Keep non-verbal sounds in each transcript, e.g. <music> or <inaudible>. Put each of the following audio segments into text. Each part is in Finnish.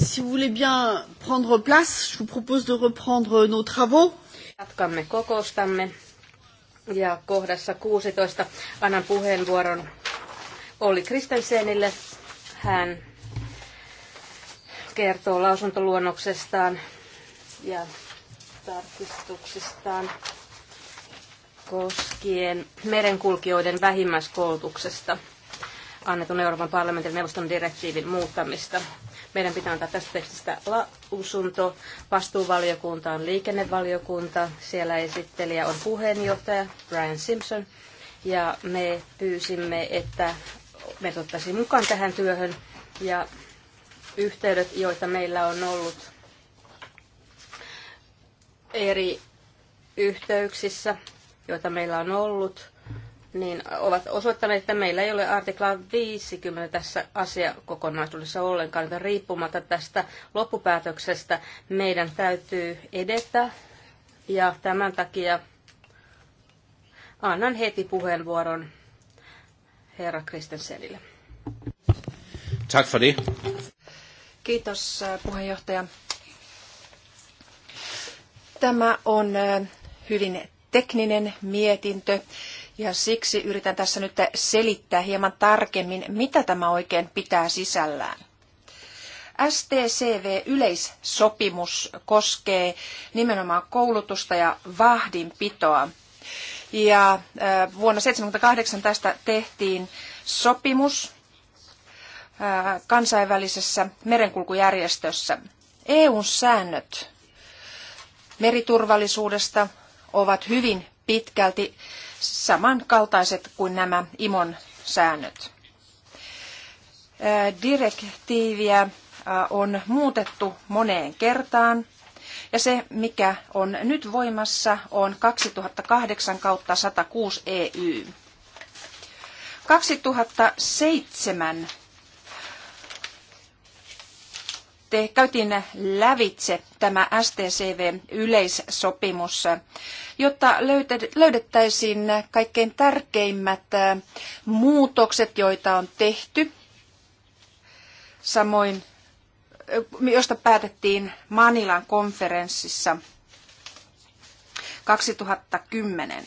Si vous voulez bien prendre place, je vous propose de reprendre nos travaux. Jatkamme kokoustamme ja kohdassa 16 annan puheenvuoron Olli Kristensenille. Hän kertoo lausuntoluonnoksestaan ja tarkistuksistaan koskien merenkulkijoiden vähimmäiskoulutuksesta annetun Euroopan parlamentin neuvoston direktiivin muuttamista. Meidän pitää antaa tästä tekstistä lausunto. Vastuuvaliokunta on liikennevaliokunta. Siellä esittelijä on puheenjohtaja Brian Simpson. Ja me pyysimme, että me ottaisiin mukaan tähän työhön. Ja yhteydet, joita meillä on ollut eri yhteyksissä, joita meillä on ollut niin ovat osoittaneet, että meillä ei ole artiklaa 50 tässä asiakokonaisuudessa ollenkaan. että riippumatta tästä loppupäätöksestä meidän täytyy edetä ja tämän takia annan heti puheenvuoron herra Kristensenille. Tack för det. Kiitos äh, puheenjohtaja. Tämä on äh, hyvin tekninen mietintö ja siksi yritän tässä nyt selittää hieman tarkemmin, mitä tämä oikein pitää sisällään. STCV-yleissopimus koskee nimenomaan koulutusta ja vahdinpitoa. Ja vuonna 1978 tästä tehtiin sopimus kansainvälisessä merenkulkujärjestössä. EUn säännöt meriturvallisuudesta ovat hyvin pitkälti samankaltaiset kuin nämä IMON säännöt. Direktiiviä on muutettu moneen kertaan ja se, mikä on nyt voimassa, on 2008 kautta 106 EY. 2007 te, käytiin lävitse tämä STCV-yleissopimus, jotta löydettäisiin kaikkein tärkeimmät muutokset, joita on tehty, samoin josta päätettiin Manilan konferenssissa 2010.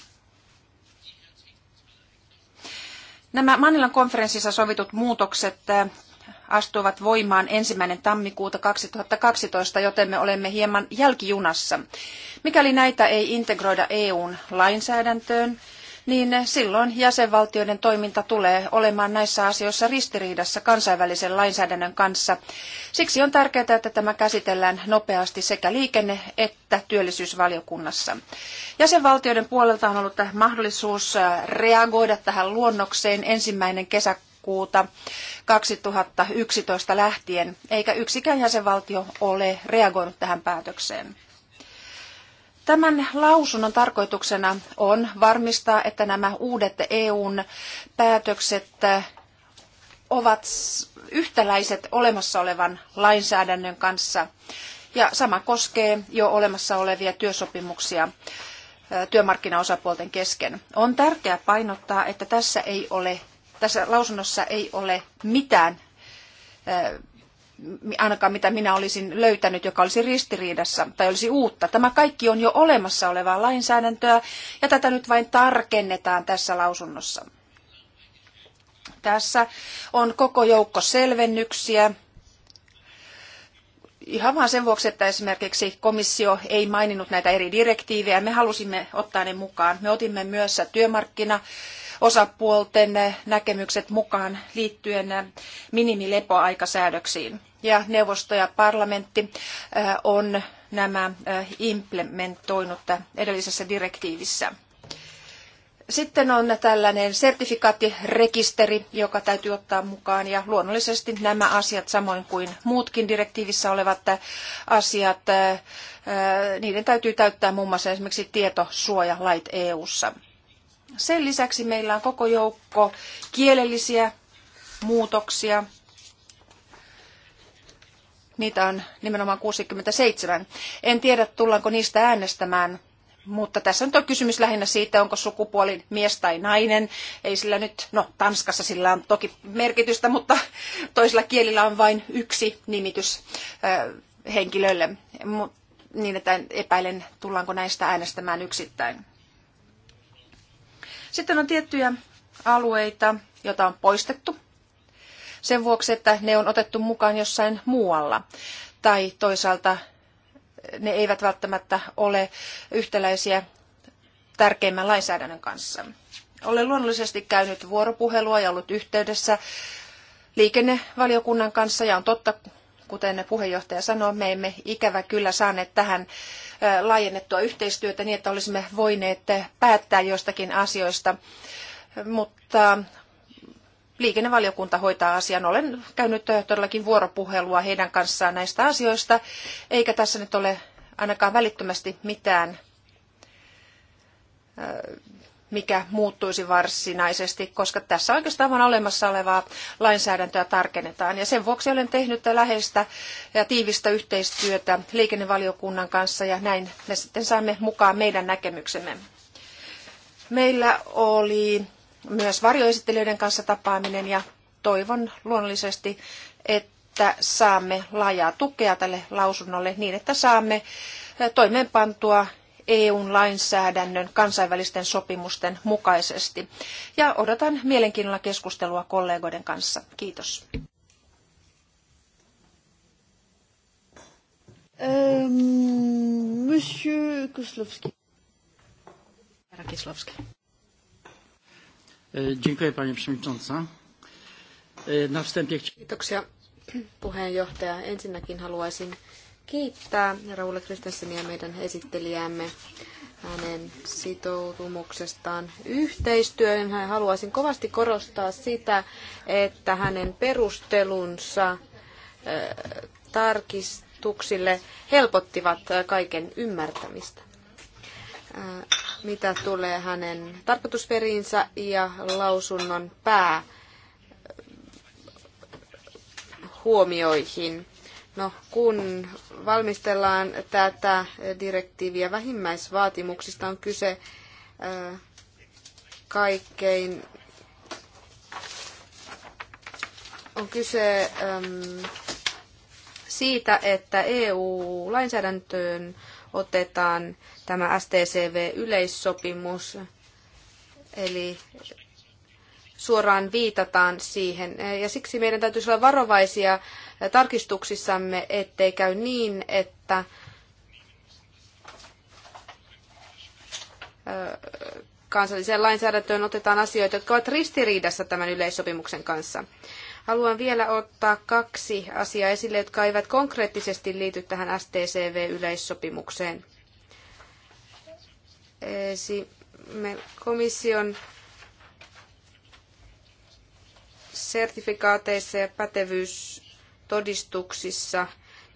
Nämä Manilan konferenssissa sovitut muutokset astuvat voimaan ensimmäinen tammikuuta 2012, joten me olemme hieman jälkijunassa. Mikäli näitä ei integroida EUn lainsäädäntöön, niin silloin jäsenvaltioiden toiminta tulee olemaan näissä asioissa ristiriidassa kansainvälisen lainsäädännön kanssa. Siksi on tärkeää, että tämä käsitellään nopeasti sekä liikenne- että työllisyysvaliokunnassa. Jäsenvaltioiden puolelta on ollut mahdollisuus reagoida tähän luonnokseen ensimmäinen kesäkuuta marraskuuta 2011 lähtien, eikä yksikään jäsenvaltio ole reagoinut tähän päätökseen. Tämän lausunnon tarkoituksena on varmistaa, että nämä uudet EUn päätökset ovat yhtäläiset olemassa olevan lainsäädännön kanssa. Ja sama koskee jo olemassa olevia työsopimuksia työmarkkinaosapuolten kesken. On tärkeää painottaa, että tässä ei ole tässä lausunnossa ei ole mitään, ainakaan mitä minä olisin löytänyt, joka olisi ristiriidassa tai olisi uutta. Tämä kaikki on jo olemassa olevaa lainsäädäntöä ja tätä nyt vain tarkennetaan tässä lausunnossa. Tässä on koko joukko selvennyksiä, ihan vaan sen vuoksi, että esimerkiksi komissio ei maininnut näitä eri direktiivejä. Me halusimme ottaa ne mukaan. Me otimme myös työmarkkina osapuolten näkemykset mukaan liittyen minimilepoaikasäädöksiin. Ja neuvosto ja parlamentti äh, on nämä äh, implementoinut edellisessä direktiivissä. Sitten on tällainen sertifikaattirekisteri, joka täytyy ottaa mukaan ja luonnollisesti nämä asiat samoin kuin muutkin direktiivissä olevat asiat, äh, niiden täytyy täyttää muun muassa esimerkiksi tietosuojalait EU-ssa. Sen lisäksi meillä on koko joukko kielellisiä muutoksia. Niitä on nimenomaan 67. En tiedä, tullaanko niistä äänestämään, mutta tässä nyt on kysymys lähinnä siitä, onko sukupuoli mies tai nainen. Ei sillä nyt, no Tanskassa sillä on toki merkitystä, mutta toisilla kielillä on vain yksi nimitys henkilölle. Niin, että epäilen, tullaanko näistä äänestämään yksittäin. Sitten on tiettyjä alueita, joita on poistettu sen vuoksi, että ne on otettu mukaan jossain muualla. Tai toisaalta ne eivät välttämättä ole yhtäläisiä tärkeimmän lainsäädännön kanssa. Olen luonnollisesti käynyt vuoropuhelua ja ollut yhteydessä liikennevaliokunnan kanssa ja on totta kuten puheenjohtaja sanoi, me emme ikävä kyllä saaneet tähän laajennettua yhteistyötä niin, että olisimme voineet päättää jostakin asioista. Mutta liikennevaliokunta hoitaa asian. Olen käynyt todellakin vuoropuhelua heidän kanssaan näistä asioista, eikä tässä nyt ole ainakaan välittömästi mitään mikä muuttuisi varsinaisesti, koska tässä oikeastaan vain olemassa olevaa lainsäädäntöä tarkennetaan. Ja sen vuoksi olen tehnyt läheistä ja tiivistä yhteistyötä liikennevaliokunnan kanssa ja näin me sitten saamme mukaan meidän näkemyksemme. Meillä oli myös varjoesittelijöiden kanssa tapaaminen ja toivon luonnollisesti, että saamme laajaa tukea tälle lausunnolle niin, että saamme toimeenpantua EUn lainsäädännön kansainvälisten sopimusten mukaisesti. Ja odotan mielenkiinnolla keskustelua kollegoiden kanssa. Kiitos. Ähm, Monsieur Koslowski. Herra Kislowski. E, dziękuję Pani Przewodnicząca. E, na wstępie... Kiitoksia puheenjohtaja. Ensinnäkin haluaisin kiittää Raula ja meidän esittelijämme hänen sitoutumuksestaan yhteistyöhön. Hän haluaisin kovasti korostaa sitä, että hänen perustelunsa tarkistuksille helpottivat kaiken ymmärtämistä. Mitä tulee hänen tarkoitusperiinsä ja lausunnon pää huomioihin. No, kun valmistellaan tätä direktiiviä vähimmäisvaatimuksista, on kyse kaikkein on kyse siitä, että EU-lainsäädäntöön otetaan tämä STCV-yleissopimus, eli suoraan viitataan siihen. Ja siksi meidän täytyisi olla varovaisia tarkistuksissamme, ettei käy niin, että kansalliseen lainsäädäntöön otetaan asioita, jotka ovat ristiriidassa tämän yleissopimuksen kanssa. Haluan vielä ottaa kaksi asiaa esille, jotka eivät konkreettisesti liity tähän STCV-yleissopimukseen. Komission sertifikaateissa ja pätevyystodistuksissa.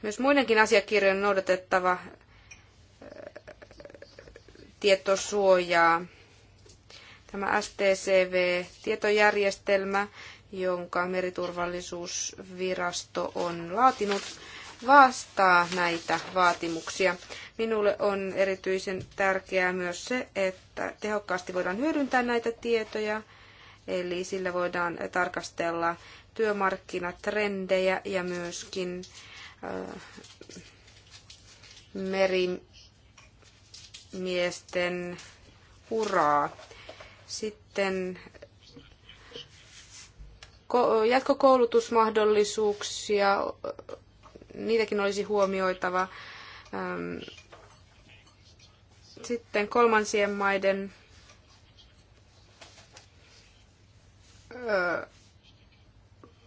Myös muidenkin asiakirjojen on noudatettava tietosuojaa. Tämä STCV-tietojärjestelmä, jonka meriturvallisuusvirasto on laatinut, vastaa näitä vaatimuksia. Minulle on erityisen tärkeää myös se, että tehokkaasti voidaan hyödyntää näitä tietoja Eli sillä voidaan tarkastella työmarkkinatrendejä ja myöskin äh, merimiesten uraa. Sitten jatkokoulutusmahdollisuuksia, niitäkin olisi huomioitava. Ähm, sitten kolmansien maiden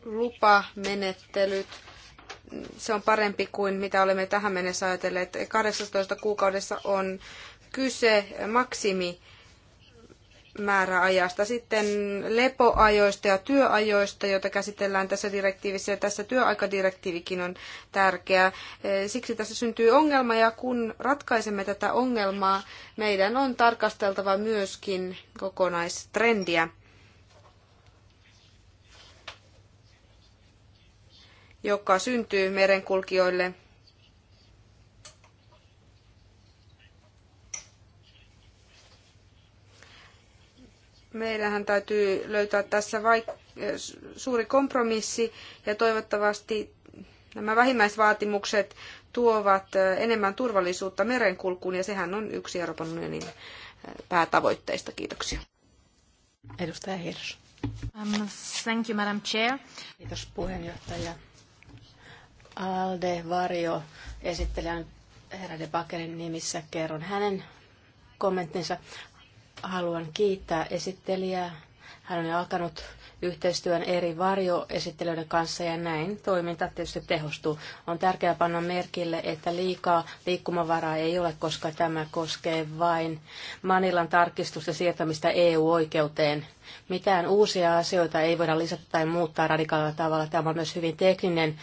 lupamenettelyt. Se on parempi kuin mitä olemme tähän mennessä ajatelleet. 18 kuukaudessa on kyse maksimi määräajasta. Sitten lepoajoista ja työajoista, joita käsitellään tässä direktiivissä, ja tässä työaikadirektiivikin on tärkeä. Siksi tässä syntyy ongelma, ja kun ratkaisemme tätä ongelmaa, meidän on tarkasteltava myöskin kokonaistrendiä. joka syntyy merenkulkijoille. Meillähän täytyy löytää tässä suuri kompromissi ja toivottavasti nämä vähimmäisvaatimukset tuovat enemmän turvallisuutta merenkulkuun ja sehän on yksi Euroopan unionin päätavoitteista. Kiitoksia. Edustaja Hirsch. Um, thank you, Madam Chair. Kiitos puheenjohtaja. Alde Varjo esittelijän herra de Bakerin nimissä kerron hänen kommenttinsa. Haluan kiittää esittelijää. Hän on jo alkanut yhteistyön eri varjoesittelijöiden kanssa ja näin toiminta tietysti tehostuu. On tärkeää panna merkille, että liikaa liikkumavaraa ei ole, koska tämä koskee vain Manilan tarkistusta siirtämistä EU-oikeuteen. Mitään uusia asioita ei voida lisätä tai muuttaa radikaalilla tavalla. Tämä on myös hyvin tekninen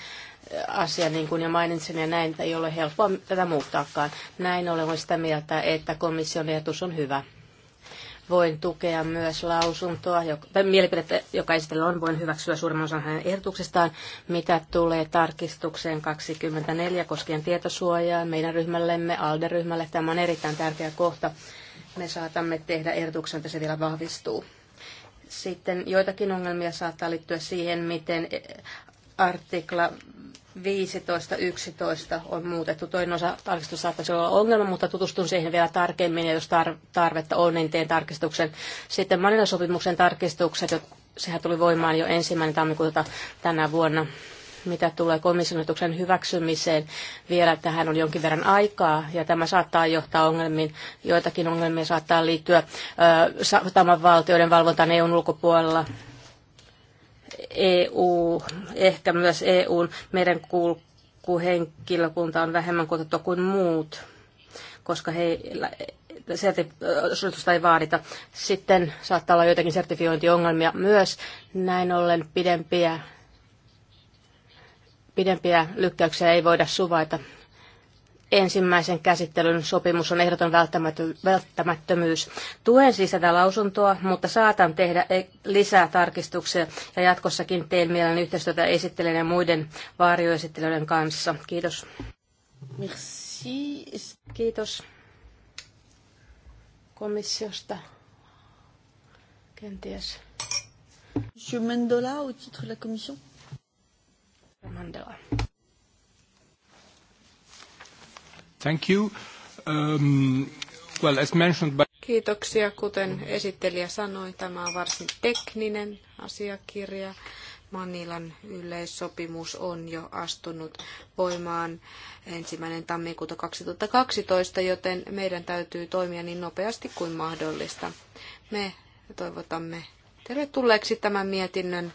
asia, niin kuin jo mainitsin, ja näin että ei ole helppoa tätä muuttaakaan. Näin olen sitä mieltä, että komission ehdotus on hyvä. Voin tukea myös lausuntoa, joka, tai mielipidettä, joka esitellä on, voin hyväksyä suurimman osan hänen ehdotuksestaan, mitä tulee tarkistukseen 24 koskien tietosuojaa meidän ryhmällemme, ALDE-ryhmälle. Tämä on erittäin tärkeä kohta. Me saatamme tehdä ehdotuksen, että se vielä vahvistuu. Sitten joitakin ongelmia saattaa liittyä siihen, miten artikla 15.11 on muutettu. Toinen osa tarkistus saattaisi olla ongelma, mutta tutustun siihen vielä tarkemmin ja jos tar- tarvetta on, niin teen tarkistuksen. Sitten Manila-sopimuksen tarkistukset, sehän tuli voimaan jo ensimmäinen tammikuuta tänä vuonna. Mitä tulee komissionituksen hyväksymiseen, vielä tähän on jonkin verran aikaa ja tämä saattaa johtaa ongelmiin. Joitakin ongelmia saattaa liittyä ö, sataman valtioiden valvontaan EUn ulkopuolella EU, ehkä myös EUn meidän kulkuhenkilökunta on vähemmän kuin kuin muut, koska heillä eh, sertifioitusta ei vaadita. Sitten saattaa olla joitakin sertifiointiongelmia myös. Näin ollen pidempiä, pidempiä lykkäyksiä ei voida suvaita ensimmäisen käsittelyn sopimus on ehdoton välttämättömyys. Tuen siis tätä lausuntoa, mutta saatan tehdä e- lisää tarkistuksia ja jatkossakin teen mielen yhteistyötä esittelijän ja muiden vaarioesittelijöiden kanssa. Kiitos. Merci. Kiitos komissiosta. Kenties. Monsieur Mandela, au titre de la commission. Mandela. Thank you. Um, well, as mentioned by... Kiitoksia. Kuten esittelijä sanoi, tämä on varsin tekninen asiakirja. Manilan yleissopimus on jo astunut voimaan ensimmäinen tammikuuta 2012, joten meidän täytyy toimia niin nopeasti kuin mahdollista. Me toivotamme tervetulleeksi tämän mietinnön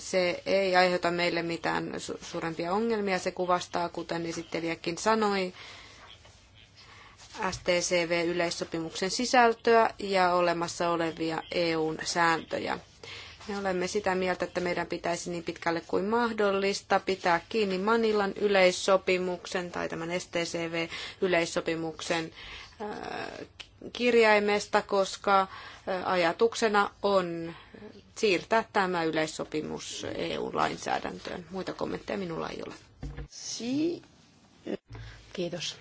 se ei aiheuta meille mitään su- suurempia ongelmia. Se kuvastaa, kuten esittelijäkin sanoi, STCV-yleissopimuksen sisältöä ja olemassa olevia EUn sääntöjä. Me olemme sitä mieltä, että meidän pitäisi niin pitkälle kuin mahdollista pitää kiinni Manilan yleissopimuksen tai tämän STCV-yleissopimuksen äh, kirjaimesta, koska ajatuksena on siirtää tämä yleissopimus EU-lainsäädäntöön. Muita kommentteja minulla ei ole. Kiitos.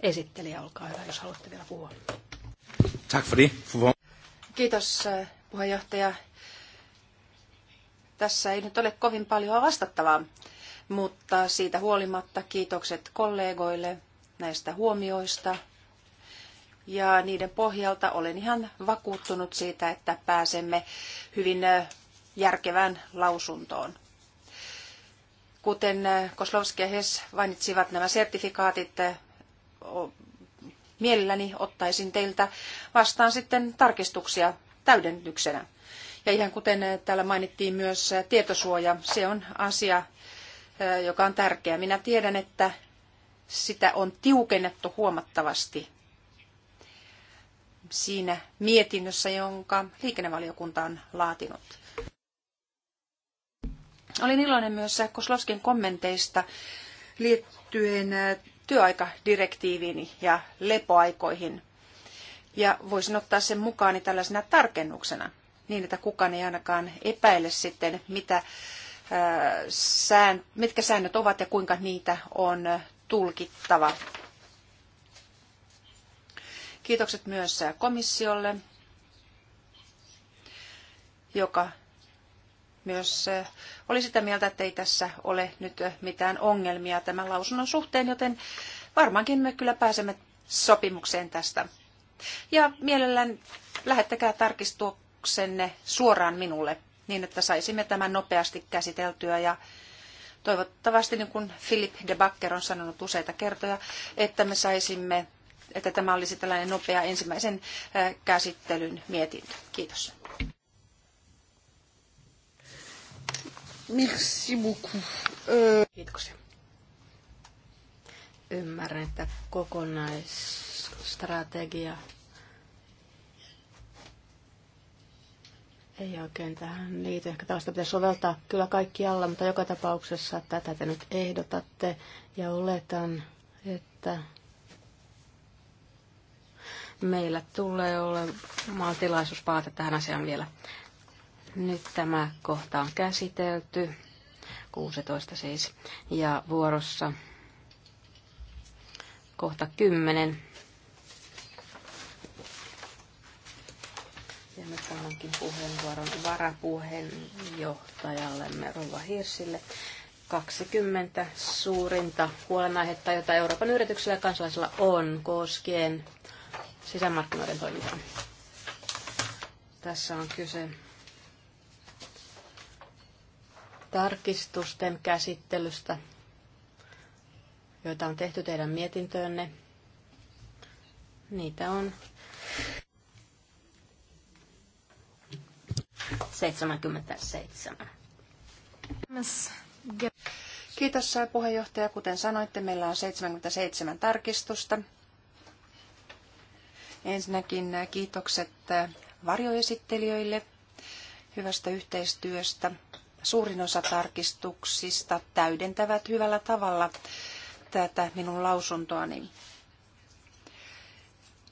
Esittelijä, olkaa hyvä, jos haluatte vielä puhua. Kiitos puheenjohtaja. Tässä ei nyt ole kovin paljon vastattavaa, mutta siitä huolimatta kiitokset kollegoille näistä huomioista ja niiden pohjalta olen ihan vakuuttunut siitä, että pääsemme hyvin järkevään lausuntoon. Kuten Koslovski ja Hess mainitsivat nämä sertifikaatit, mielelläni ottaisin teiltä vastaan sitten tarkistuksia täydennyksenä. Ja ihan kuten täällä mainittiin myös tietosuoja, se on asia, joka on tärkeä. Minä tiedän, että sitä on tiukennettu huomattavasti siinä mietinnössä, jonka liikennevaliokunta on laatinut. Olin iloinen myös Koslovskin kommenteista liittyen työaikadirektiiviin ja lepoaikoihin. Ja voisin ottaa sen mukaani tällaisena tarkennuksena, niin että kukaan ei ainakaan epäile sitten, mitä, mitkä säännöt ovat ja kuinka niitä on tulkittava Kiitokset myös komissiolle, joka myös eh, oli sitä mieltä, että ei tässä ole nyt mitään ongelmia tämän lausunnon suhteen, joten varmaankin me kyllä pääsemme sopimukseen tästä. Ja mielellään lähettäkää tarkistuksenne suoraan minulle, niin että saisimme tämän nopeasti käsiteltyä ja toivottavasti, niin kuin Philip de Backer on sanonut useita kertoja, että me saisimme että tämä olisi tällainen nopea ensimmäisen käsittelyn mietintö. Kiitos. Merci beaucoup. Euh, Kiitoksia. Ymmärrän, että kokonaisstrategia ei oikein tähän liity. Ehkä tällaista pitäisi soveltaa kyllä kaikkialla, mutta joka tapauksessa tätä te nyt ehdotatte ja oletan, että Meillä tulee olemaan tilaisuus palata tähän asiaan vielä. Nyt tämä kohta on käsitelty, 16 siis, ja vuorossa kohta 10. Ja nyt annankin puheenvuoron varapuheenjohtajallemme Rova Hirsille. 20 suurinta huolenaihetta, jota Euroopan yrityksillä ja kansalaisilla on koskien sisämarkkinoiden toimintaan. Tässä on kyse tarkistusten käsittelystä, joita on tehty teidän mietintöönne. Niitä on 77. Kiitos puheenjohtaja. Kuten sanoitte, meillä on 77 tarkistusta. Ensinnäkin kiitokset varjoesittelijöille hyvästä yhteistyöstä. Suurin osa tarkistuksista täydentävät hyvällä tavalla tätä minun lausuntoani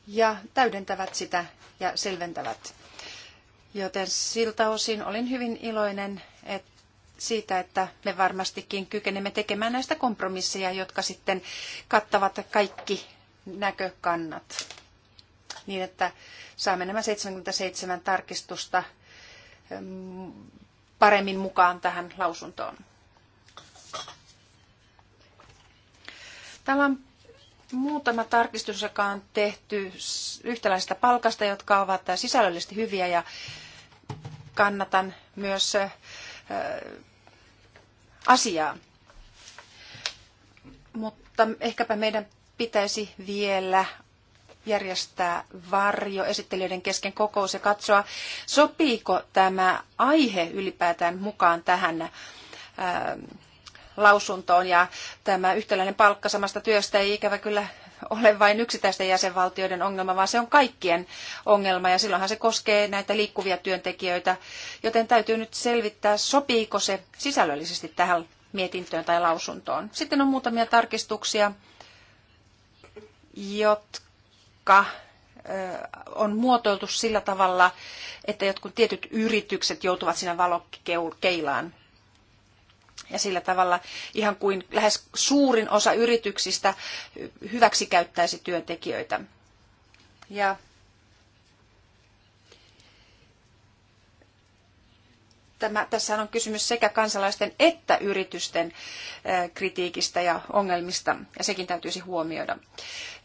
ja täydentävät sitä ja selventävät. Joten siltä osin olin hyvin iloinen siitä, että me varmastikin kykenemme tekemään näistä kompromisseja, jotka sitten kattavat kaikki näkökannat niin, että saamme nämä 77 tarkistusta ähm, paremmin mukaan tähän lausuntoon. Täällä on muutama tarkistus, joka on tehty yhtäläisestä palkasta, jotka ovat sisällöllisesti hyviä ja kannatan myös äh, asiaa. Mutta ehkäpä meidän pitäisi vielä järjestää varjo esittelijöiden kesken kokous ja katsoa, sopiiko tämä aihe ylipäätään mukaan tähän ää, lausuntoon. Ja tämä yhtäläinen palkka samasta työstä ei ikävä kyllä ole vain yksittäisten jäsenvaltioiden ongelma, vaan se on kaikkien ongelma ja silloinhan se koskee näitä liikkuvia työntekijöitä, joten täytyy nyt selvittää, sopiiko se sisällöllisesti tähän mietintöön tai lausuntoon. Sitten on muutamia tarkistuksia, jotka joka on muotoiltu sillä tavalla, että jotkut tietyt yritykset joutuvat siinä valokeilaan. Ja sillä tavalla ihan kuin lähes suurin osa yrityksistä hyväksikäyttäisi työntekijöitä. Ja tämä, tässä on kysymys sekä kansalaisten että yritysten kritiikistä ja ongelmista, ja sekin täytyisi huomioida.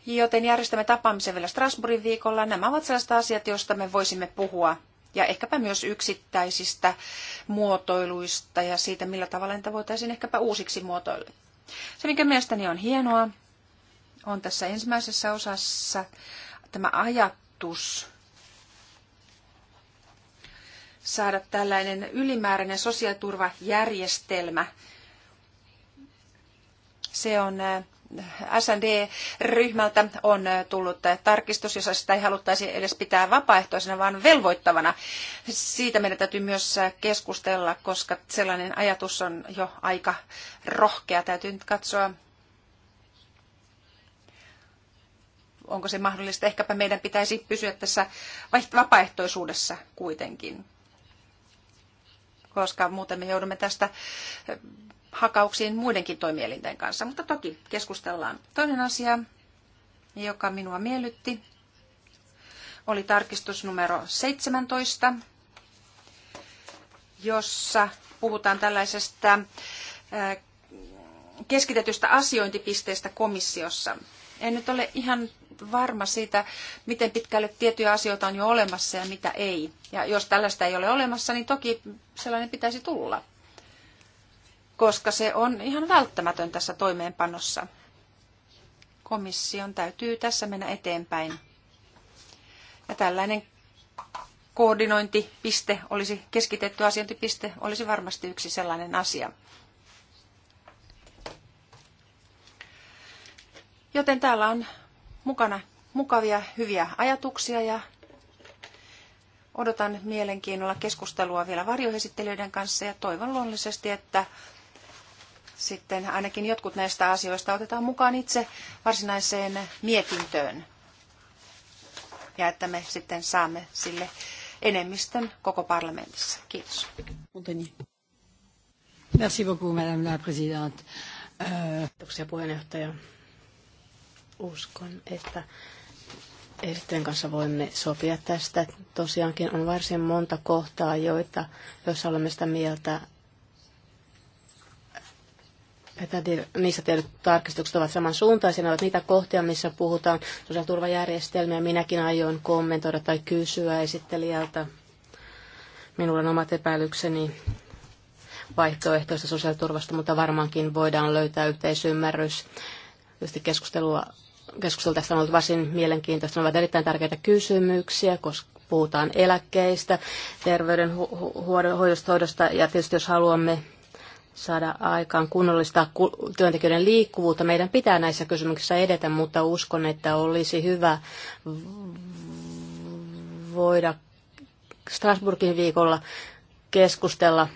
Joten järjestämme tapaamisen vielä Strasbourgin viikolla. Nämä ovat sellaiset asiat, joista me voisimme puhua, ja ehkäpä myös yksittäisistä muotoiluista ja siitä, millä tavalla niitä voitaisiin ehkäpä uusiksi muotoilla. Se, mikä mielestäni on hienoa, on tässä ensimmäisessä osassa tämä ajatus saada tällainen ylimääräinen sosiaaliturvajärjestelmä. Se on äh, SND-ryhmältä on äh, tullut äh, tarkistus, jossa sitä ei haluttaisi edes pitää vapaaehtoisena, vaan velvoittavana. Siitä meidän täytyy myös keskustella, koska sellainen ajatus on jo aika rohkea. Täytyy nyt katsoa, onko se mahdollista. Ehkäpä meidän pitäisi pysyä tässä vapaaehtoisuudessa kuitenkin koska muuten me joudumme tästä eh, hakauksiin muidenkin toimielinten kanssa. Mutta toki keskustellaan. Toinen asia, joka minua miellytti, oli tarkistus numero 17, jossa puhutaan tällaisesta eh, keskitetystä asiointipisteestä komissiossa. En nyt ole ihan varma siitä, miten pitkälle tiettyjä asioita on jo olemassa ja mitä ei. Ja jos tällaista ei ole olemassa, niin toki sellainen pitäisi tulla, koska se on ihan välttämätön tässä toimeenpanossa. Komission täytyy tässä mennä eteenpäin. Ja tällainen koordinointipiste olisi, keskitetty asiointipiste olisi varmasti yksi sellainen asia. Joten täällä on mukana mukavia, hyviä ajatuksia ja odotan mielenkiinnolla keskustelua vielä varjoesittelijöiden kanssa ja toivon luonnollisesti, että sitten ainakin jotkut näistä asioista otetaan mukaan itse varsinaiseen mietintöön ja että me sitten saamme sille enemmistön koko parlamentissa. Kiitos. Merci beaucoup, madame la présidente. Euh, Kiitoksia puheenjohtaja. Uskon, että Eritten kanssa voimme sopia tästä. Tosiaankin on varsin monta kohtaa, joita, joissa olemme sitä mieltä, että niissä tehdyt tarkistukset ovat samansuuntaisia. Ne ovat niitä kohtia, missä puhutaan sosiaaliturvajärjestelmiä. Minäkin aion kommentoida tai kysyä esittelijältä. Minulla on omat epäilykseni vaihtoehtoista sosiaaliturvasta, mutta varmaankin voidaan löytää yhteisymmärrys. Tietysti keskustelua keskustelu on ollut varsin mielenkiintoista. Ne ovat erittäin tärkeitä kysymyksiä, koska puhutaan eläkkeistä, terveydenhoidosta ja tietysti jos haluamme saada aikaan kunnollista työntekijöiden liikkuvuutta. Meidän pitää näissä kysymyksissä edetä, mutta uskon, että olisi hyvä voida Strasburgin viikolla keskustella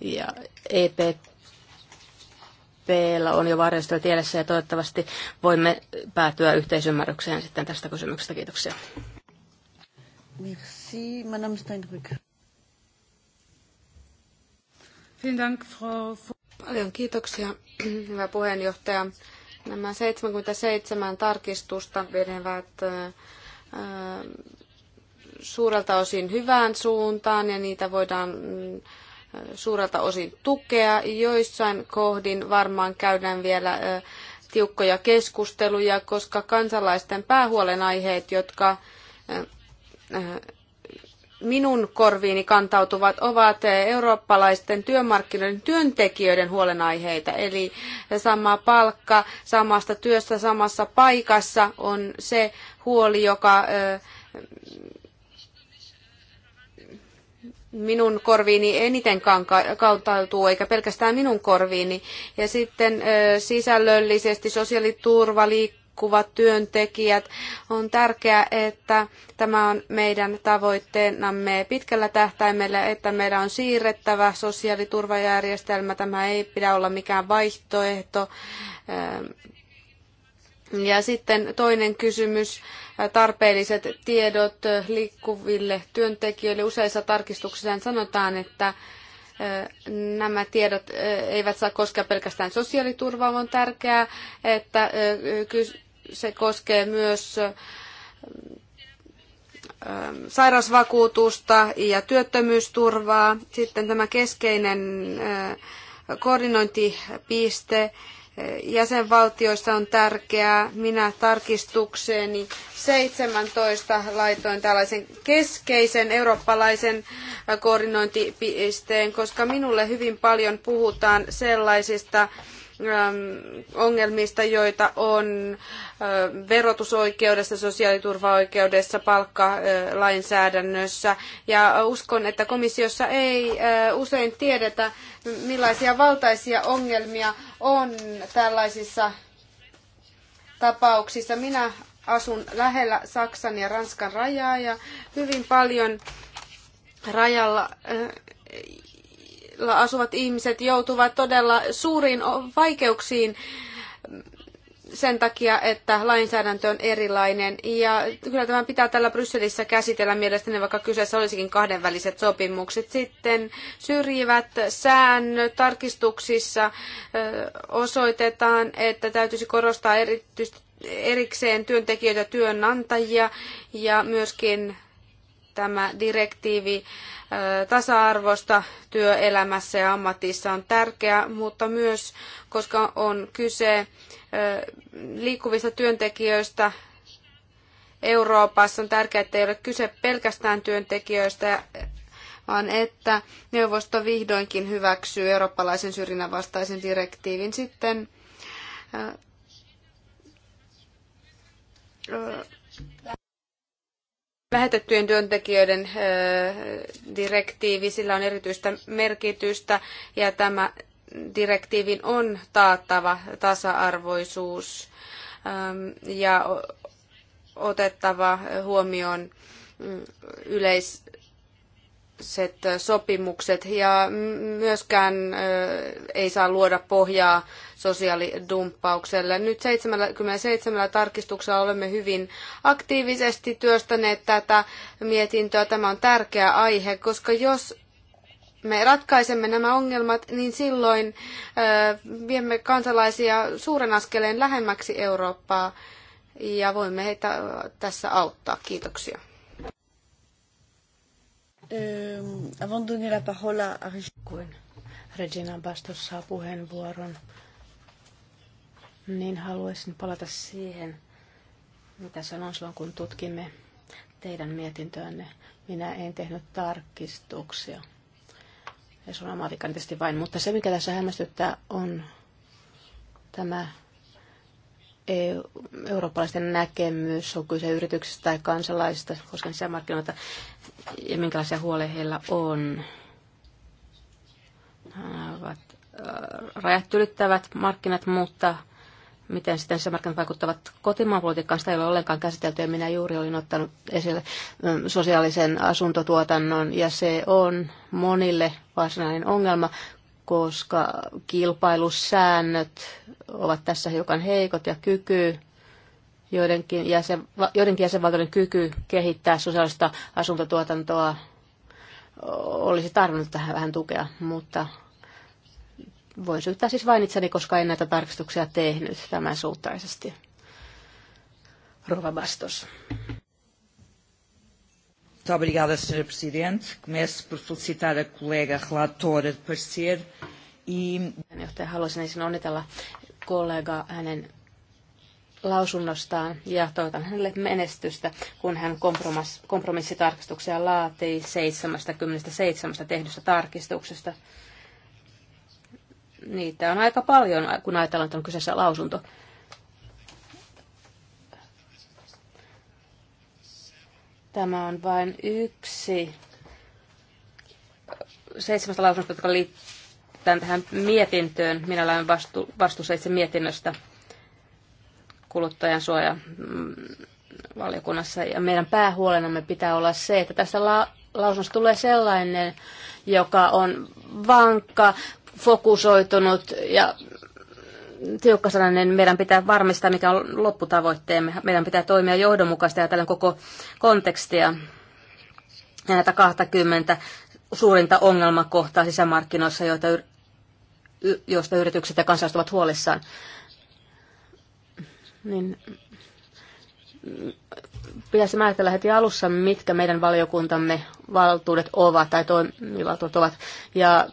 ja EPP EPllä on jo varjostoja tiedessä ja toivottavasti voimme päätyä yhteisymmärrykseen sitten tästä kysymyksestä. Kiitoksia. Merci, Madame Frau. Paljon kiitoksia, <clears throat> hyvä puheenjohtaja. Nämä 77 tarkistusta vedevät suurelta osin hyvään suuntaan ja niitä voidaan mm, suurelta osin tukea. Joissain kohdin varmaan käydään vielä tiukkoja keskusteluja, koska kansalaisten päähuolenaiheet, jotka minun korviini kantautuvat ovat eurooppalaisten työmarkkinoiden työntekijöiden huolenaiheita. Eli sama palkka samasta työstä samassa paikassa on se huoli, joka minun korviini eniten kantautuu, eikä pelkästään minun korviini. Ja sitten sisällöllisesti sosiaaliturva, liikkuvat työntekijät. On tärkeää, että tämä on meidän tavoitteenamme pitkällä tähtäimellä, että meidän on siirrettävä sosiaaliturvajärjestelmä. Tämä ei pidä olla mikään vaihtoehto ja sitten toinen kysymys, tarpeelliset tiedot liikkuville työntekijöille. Useissa tarkistuksissa sanotaan, että nämä tiedot eivät saa koskea pelkästään sosiaaliturvaa, vaan on tärkeää, että se koskee myös sairausvakuutusta ja työttömyysturvaa. Sitten tämä keskeinen koordinointipiste jäsenvaltioissa on tärkeää. Minä tarkistukseeni 17 laitoin tällaisen keskeisen eurooppalaisen äh, koordinointipisteen, koska minulle hyvin paljon puhutaan sellaisista Ähm, ongelmista, joita on äh, verotusoikeudessa, sosiaaliturvaoikeudessa, palkkalainsäädännössä. Ja uskon, että komissiossa ei äh, usein tiedetä, millaisia valtaisia ongelmia on tällaisissa tapauksissa. Minä asun lähellä Saksan ja Ranskan rajaa ja hyvin paljon rajalla äh, asuvat ihmiset joutuvat todella suuriin vaikeuksiin sen takia, että lainsäädäntö on erilainen. Ja kyllä tämä pitää täällä Brysselissä käsitellä mielestäni, vaikka kyseessä olisikin kahdenväliset sopimukset. Sitten syrjivät säännöt tarkistuksissa osoitetaan, että täytyisi korostaa erityisesti erikseen työntekijöitä, työnantajia ja myöskin tämä direktiivi tasa-arvosta työelämässä ja ammatissa on tärkeä, mutta myös koska on kyse liikkuvista työntekijöistä Euroopassa, on tärkeää, että ei ole kyse pelkästään työntekijöistä, vaan että neuvosto vihdoinkin hyväksyy eurooppalaisen syrjinnän vastaisen direktiivin. Sitten lähetettyjen työntekijöiden direktiivi, sillä on erityistä merkitystä ja tämä direktiivin on taattava tasa-arvoisuus ähm, ja otettava huomioon mm, yleis sopimukset ja myöskään ei saa luoda pohjaa sosiaalidumppaukselle. Nyt 77 tarkistuksella olemme hyvin aktiivisesti työstäneet tätä mietintöä. Tämä on tärkeä aihe, koska jos me ratkaisemme nämä ongelmat, niin silloin viemme kansalaisia suuren askeleen lähemmäksi Eurooppaa ja voimme heitä tässä auttaa. Kiitoksia. Ehm, avant de donner la parole à Regina Bastos saa puheenvuoron, niin haluaisin palata siihen, mitä sanon silloin, kun tutkimme teidän mietintöänne. Minä en tehnyt tarkistuksia. Ja sun vain. Mutta se, mikä tässä hämmästyttää, on tämä eurooppalaisten näkemys on kyse yrityksistä tai kansalaisista koskien markkinoita ja minkälaisia huolia heillä on. Nämä ovat rajat ylittävät markkinat, mutta miten sitten se markkinat vaikuttavat kotimaan politiikkaan, sitä ei ole ollenkaan käsitelty ja minä juuri olin ottanut esille sosiaalisen asuntotuotannon ja se on monille varsinainen ongelma, koska kilpailussäännöt ovat tässä hiukan heikot ja kyky joidenkin, jäsen, joidenkin jäsenvaltioiden kyky kehittää sosiaalista asuntotuotantoa olisi tarvinnut tähän vähän tukea, mutta voin syyttää siis vain itseni, koska en näitä tarkistuksia tehnyt tämän suuntaisesti. Rova Bastos. Muito obrigada, Sra. Presidente. Começo por felicitar a colega relatora de parecer e... haluaisin ensin onnitella kollega hänen lausunnostaan ja toivotan hänelle menestystä, kun hän kompromiss, kompromissitarkistuksia laatii 77 tehdystä tarkistuksesta. Niitä on aika paljon, kun ajatellaan, että on kyseessä lausunto. Tämä on vain yksi seitsemästä lausunnosta, jotka liittää tähän mietintöön. Minä olen vastu, vastuussa itse mietinnöstä kuluttajan suoja mm, valiokunnassa. Ja meidän päähuolenamme pitää olla se, että tässä la- lausunnossa tulee sellainen, joka on vankka, fokusoitunut ja sananen, meidän pitää varmistaa, mikä on lopputavoitteemme. Meidän pitää toimia johdonmukaisesti ja tällä koko kontekstia ja näitä 20 suurinta ongelmakohtaa sisämarkkinoissa, joita, joista yritykset ja kansalaiset ovat huolissaan. Niin, pitäisi määritellä heti alussa, mitkä meidän valiokuntamme valtuudet ovat tai toimivaltuudet ovat. Ja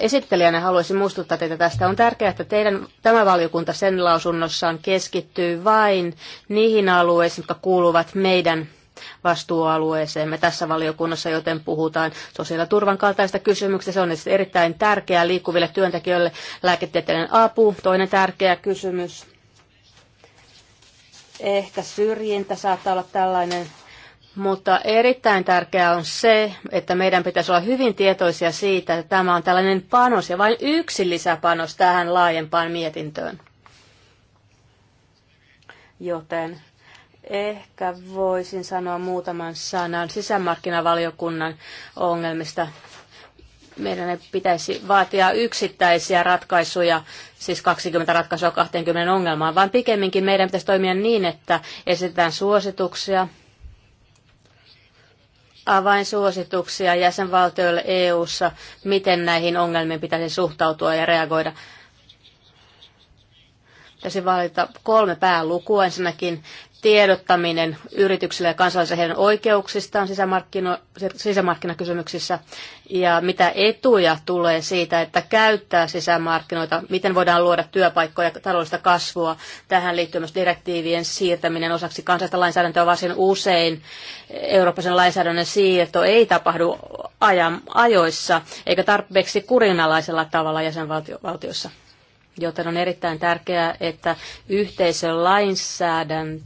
esittelijänä haluaisin muistuttaa teitä tästä. On tärkeää, että teidän, tämä valiokunta sen lausunnossaan keskittyy vain niihin alueisiin, jotka kuuluvat meidän vastuualueeseemme tässä valiokunnassa, joten puhutaan sosiaaliturvan kaltaista kysymyksistä, Se on siis erittäin tärkeää liikkuville työntekijöille lääketieteellinen apu. Toinen tärkeä kysymys Ehkä syrjintä saattaa olla tällainen mutta erittäin tärkeää on se, että meidän pitäisi olla hyvin tietoisia siitä, että tämä on tällainen panos ja vain yksi lisäpanos tähän laajempaan mietintöön. Joten ehkä voisin sanoa muutaman sanan sisämarkkinavaliokunnan ongelmista meidän ei pitäisi vaatia yksittäisiä ratkaisuja, siis 20 ratkaisua 20 ongelmaan, vaan pikemminkin meidän pitäisi toimia niin, että esitetään suosituksia, avainsuosituksia jäsenvaltioille EU-ssa, miten näihin ongelmiin pitäisi suhtautua ja reagoida. Pitäisi valita kolme päälukua. Ensinnäkin tiedottaminen yrityksille ja kansalaisille heidän oikeuksistaan sisämarkkino, sisämarkkinakysymyksissä ja mitä etuja tulee siitä, että käyttää sisämarkkinoita, miten voidaan luoda työpaikkoja ja taloudellista kasvua. Tähän liittyy myös direktiivien siirtäminen osaksi kansallista lainsäädäntöä varsin usein. Euroopan lainsäädännön siirto ei tapahdu ajan, ajoissa eikä tarpeeksi kurinalaisella tavalla jäsenvaltioissa, joten on erittäin tärkeää, että yhteisön lainsäädäntö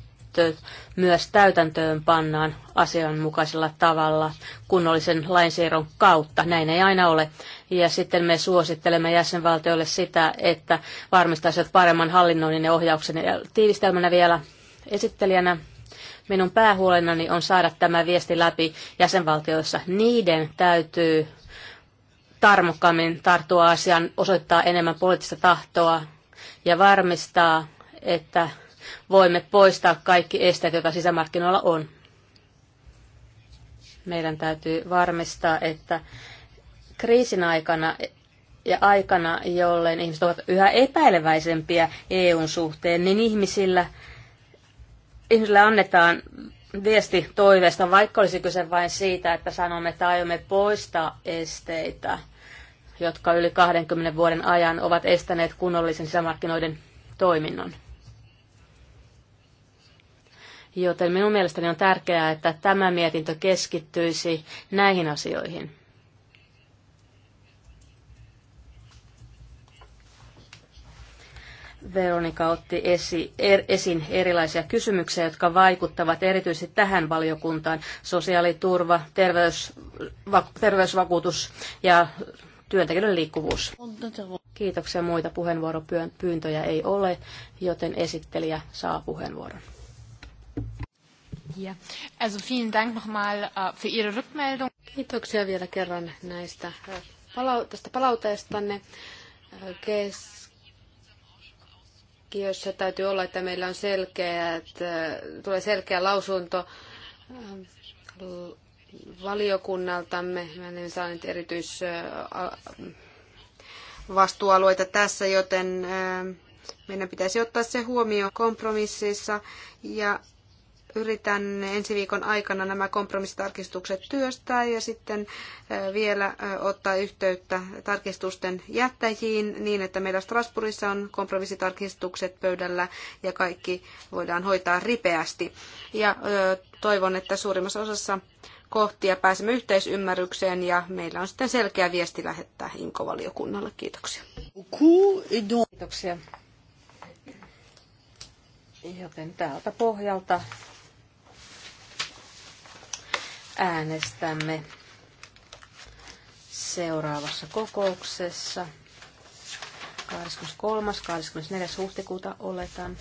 myös täytäntöön pannaan asianmukaisella tavalla kunnollisen lainsiirron kautta. Näin ei aina ole. Ja sitten me suosittelemme jäsenvaltioille sitä, että varmistaisivat paremman hallinnoinnin ja ohjauksen. Ja tiivistelmänä vielä esittelijänä minun päähuolenani on saada tämä viesti läpi jäsenvaltioissa. Niiden täytyy tarmokkaammin tarttua asiaan, osoittaa enemmän poliittista tahtoa ja varmistaa, että voimme poistaa kaikki esteet, joita sisämarkkinoilla on. Meidän täytyy varmistaa, että kriisin aikana ja aikana, jolloin ihmiset ovat yhä epäileväisempiä EUn suhteen, niin ihmisillä, ihmisillä annetaan viesti toiveesta, vaikka olisi kyse vain siitä, että sanomme, että aiomme poistaa esteitä, jotka yli 20 vuoden ajan ovat estäneet kunnollisen sisämarkkinoiden toiminnon. Joten minun mielestäni on tärkeää, että tämä mietintö keskittyisi näihin asioihin. Veronika otti esi, er, esiin erilaisia kysymyksiä, jotka vaikuttavat erityisesti tähän valiokuntaan. Sosiaaliturva, terveys, va, terveysvakuutus ja työntekijöiden liikkuvuus. Kiitoksia. Muita puheenvuoropyyntöjä ei ole, joten esittelijä saa puheenvuoron hier. Also vielen Dank nochmal äh, für Ihre Rückmeldung. Kiitoksia vielä kerran näistä äh, palau- tästä äh, Keskiössä täytyy olla, että meillä on selkeä, että tulee selkeä lausunto valiokunnaltamme. Me saa nyt erityis vastuualueita tässä, joten meidän pitäisi ottaa se huomioon kompromississa ja yritän ensi viikon aikana nämä kompromissitarkistukset työstää ja sitten vielä ottaa yhteyttä tarkistusten jättäjiin niin, että meillä Strasbourgissa on kompromissitarkistukset pöydällä ja kaikki voidaan hoitaa ripeästi. Ja toivon, että suurimmassa osassa kohtia pääsemme yhteisymmärrykseen ja meillä on sitten selkeä viesti lähettää Inkovaliokunnalle. Kiitoksia. Kiitoksia. Joten täältä pohjalta äänestämme seuraavassa kokouksessa 23. 24. huhtikuuta oletan.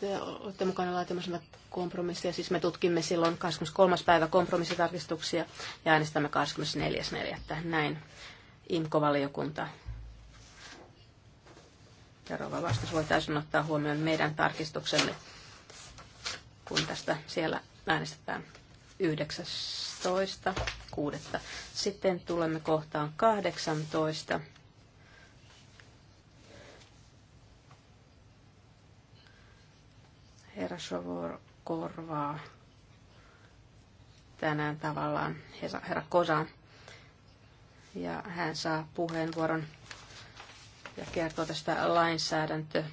Te olette mukana laatimassa kompromissia, siis me tutkimme silloin 23. päivä kompromissitarkistuksia ja äänestämme 24.4. Näin IMKO-valiokunta rouva vastaus voi täysin ottaa huomioon meidän tarkistuksemme kun tästä siellä äänestetään 19.6. Sitten tulemme kohtaan 18. Herra Sovor korvaa tänään tavallaan herra kosa Ja hän saa puheenvuoron ja kertoo tästä lainsäädäntöä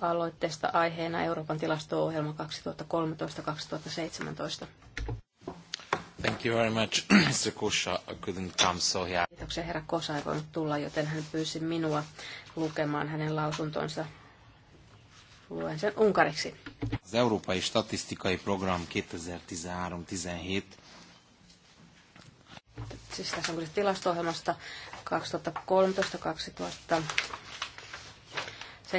aloitteesta aiheena Euroopan tilasto-ohjelma 2013-2017. Thank you very much, <clears throat> Mr. Kusha. I couldn't come, so yeah. Kiitoksia, herra Kosa ei voinut tulla, joten hän pyysi minua lukemaan hänen lausuntonsa. Luen sen unkariksi. Euroopan Európai Statisztikai Program 2013 2017 Siis tässä on kyse tilasto-ohjelmasta 2013-2017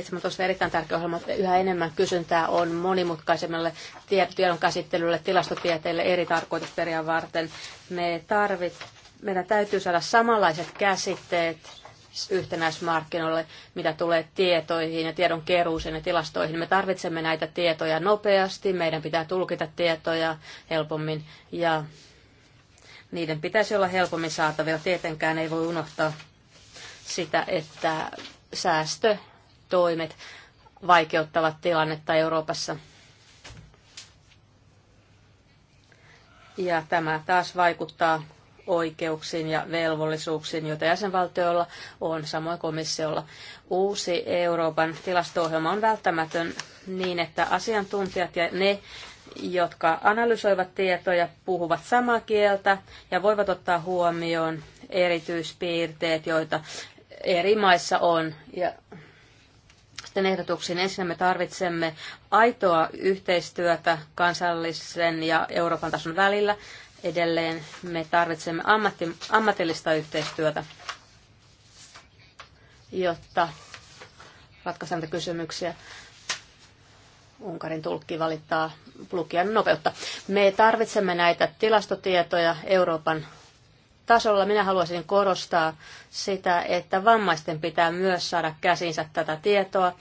2017 erittäin tärkeä ohjelma. Yhä enemmän kysyntää on monimutkaisemmalle tiedon käsittelylle, tilastotieteelle eri tarkoitusperiaan varten. Me tarvit, meidän täytyy saada samanlaiset käsitteet yhtenäismarkkinoille, mitä tulee tietoihin ja tiedon keruuseen ja tilastoihin. Me tarvitsemme näitä tietoja nopeasti, meidän pitää tulkita tietoja helpommin ja niiden pitäisi olla helpommin saatavilla. Tietenkään ei voi unohtaa sitä, että säästö toimet vaikeuttavat tilannetta Euroopassa. Ja tämä taas vaikuttaa oikeuksiin ja velvollisuuksiin, joita jäsenvaltioilla on, samoin komissiolla. Uusi Euroopan tilastoohjelma on välttämätön niin, että asiantuntijat ja ne, jotka analysoivat tietoja, puhuvat samaa kieltä ja voivat ottaa huomioon erityispiirteet, joita eri maissa on. Ja sitten ehdotuksiin. Ensin me tarvitsemme aitoa yhteistyötä kansallisen ja Euroopan tason välillä. Edelleen me tarvitsemme ammatti, ammatillista yhteistyötä, jotta ratkaistaan kysymyksiä. Unkarin tulkki valittaa lukijan nopeutta. Me tarvitsemme näitä tilastotietoja Euroopan tasolla minä haluaisin korostaa sitä, että vammaisten pitää myös saada käsinsä tätä tietoa.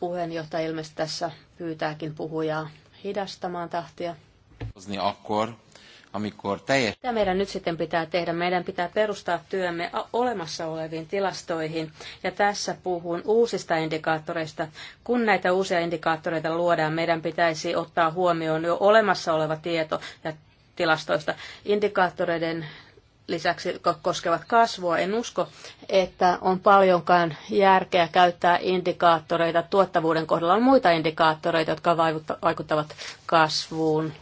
Puheenjohtaja ilmeisesti tässä pyytääkin puhujaa hidastamaan tahtia. Mitä meidän nyt sitten pitää tehdä? Meidän pitää perustaa työmme olemassa oleviin tilastoihin. Ja tässä puhun uusista indikaattoreista. Kun näitä uusia indikaattoreita luodaan, meidän pitäisi ottaa huomioon jo olemassa oleva tieto ja tilastoista. Indikaattoreiden lisäksi, koskevat kasvua, en usko, että on paljonkaan järkeä käyttää indikaattoreita. Tuottavuuden kohdalla on muita indikaattoreita, jotka vaikuttavat kasvuun.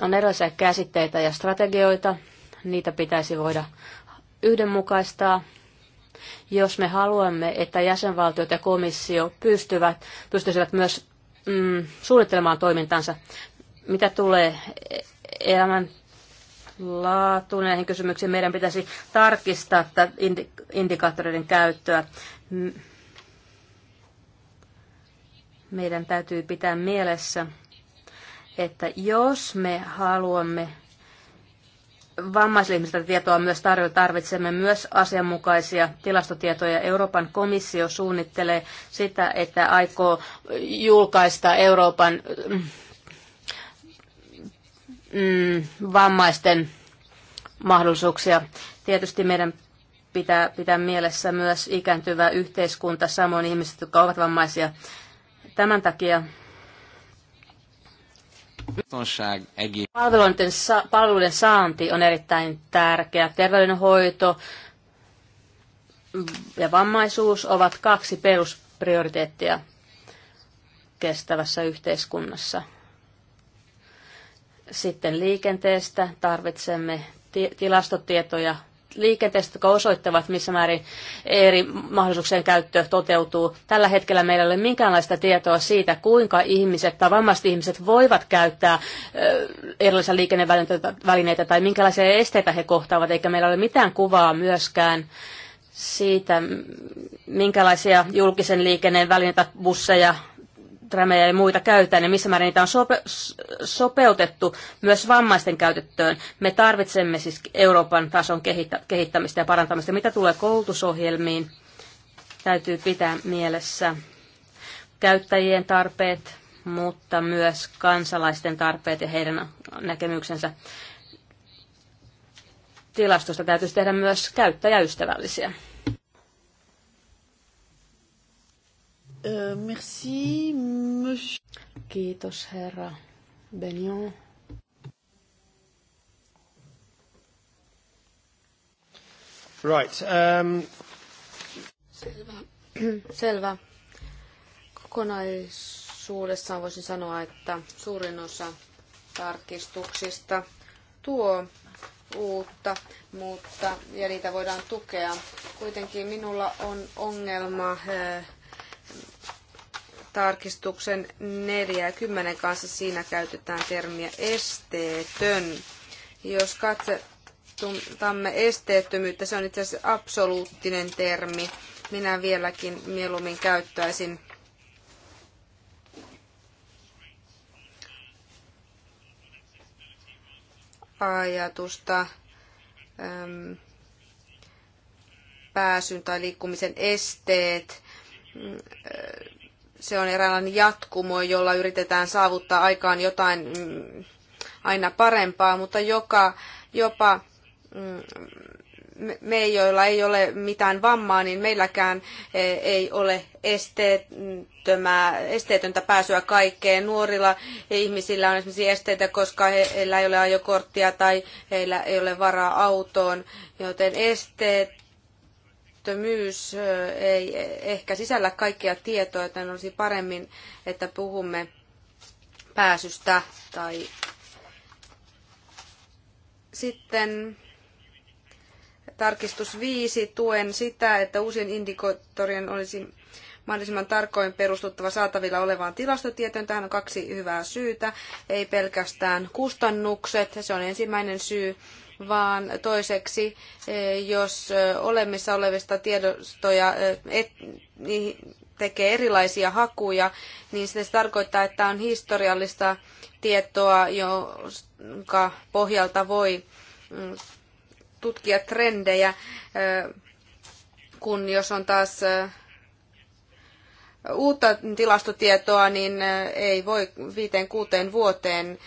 On erilaisia käsitteitä ja strategioita. Niitä pitäisi voida yhdenmukaistaa. Jos me haluamme, että jäsenvaltiot ja komissio pystyvät, pystyisivät myös mm, suunnittelemaan toimintansa, mitä tulee elämän laatuun näihin kysymyksiin, meidän pitäisi tarkistaa tätä indikaattoreiden käyttöä. Meidän täytyy pitää mielessä, että jos me haluamme vammaisille tietoa myös tarjota. Tarvitsemme myös asianmukaisia tilastotietoja. Euroopan komissio suunnittelee sitä, että aikoo julkaista Euroopan mm, vammaisten mahdollisuuksia. Tietysti meidän pitää pitää mielessä myös ikääntyvä yhteiskunta, samoin ihmiset, jotka ovat vammaisia. Tämän takia palveluiden, sa- palveluiden saanti on erittäin tärkeä. Terveydenhoito ja vammaisuus ovat kaksi perusprioriteettia kestävässä yhteiskunnassa. Sitten liikenteestä tarvitsemme tilastotietoja liikenteestä, jotka osoittavat, missä määrin eri mahdollisuuksien käyttö toteutuu. Tällä hetkellä meillä ei ole minkäänlaista tietoa siitä, kuinka ihmiset tai vammaiset ihmiset voivat käyttää erilaisia liikennevälineitä tai minkälaisia esteitä he kohtaavat, eikä meillä ole mitään kuvaa myöskään siitä, minkälaisia julkisen liikenneen välineitä, busseja, rameja ja muita käytetään ja missä määrin niitä on sope- sopeutettu myös vammaisten käytettöön. Me tarvitsemme siis Euroopan tason kehittä- kehittämistä ja parantamista. Mitä tulee koulutusohjelmiin, täytyy pitää mielessä käyttäjien tarpeet, mutta myös kansalaisten tarpeet ja heidän näkemyksensä. Tilastosta täytyisi tehdä myös käyttäjäystävällisiä. Euh, merci, monsieur. Kiitos, herra Benjon. Right. Um... Selvä. <clears throat> Selvä. Kokonaisuudessaan voisin sanoa, että suurin osa tarkistuksista tuo uutta, mutta, ja niitä voidaan tukea. Kuitenkin minulla on ongelma eh, tarkistuksen neljä ja kymmenen kanssa siinä käytetään termiä esteetön. Jos katsotamme esteettömyyttä, se on itse asiassa absoluuttinen termi. Minä vieläkin mieluummin käyttäisin ajatusta äm, pääsyn tai liikkumisen esteet. Äh, se on eräänlainen jatkumo, jolla yritetään saavuttaa aikaan jotain mm, aina parempaa, mutta joka jopa mm, me, joilla ei ole mitään vammaa, niin meilläkään e, ei ole esteettömää, esteetöntä pääsyä kaikkeen. Nuorilla ihmisillä on esimerkiksi esteitä, koska heillä ei ole ajokorttia tai heillä ei ole varaa autoon, joten esteet työttömyys ei ehkä sisällä kaikkea tietoa, joten olisi paremmin, että puhumme pääsystä tai sitten tarkistus 5 tuen sitä, että uusien indikaattorien olisi mahdollisimman tarkoin perustuttava saatavilla olevaan tilastotietoon. Tähän on kaksi hyvää syytä, ei pelkästään kustannukset, se on ensimmäinen syy, vaan toiseksi, e, jos e, olemissa olevista tiedostoja e, et, niin tekee erilaisia hakuja, niin se tarkoittaa, että on historiallista tietoa, jonka pohjalta voi mm, tutkia trendejä, kun jos on taas uutta tilastotietoa, niin ei voi viiteen kuuteen vuoteen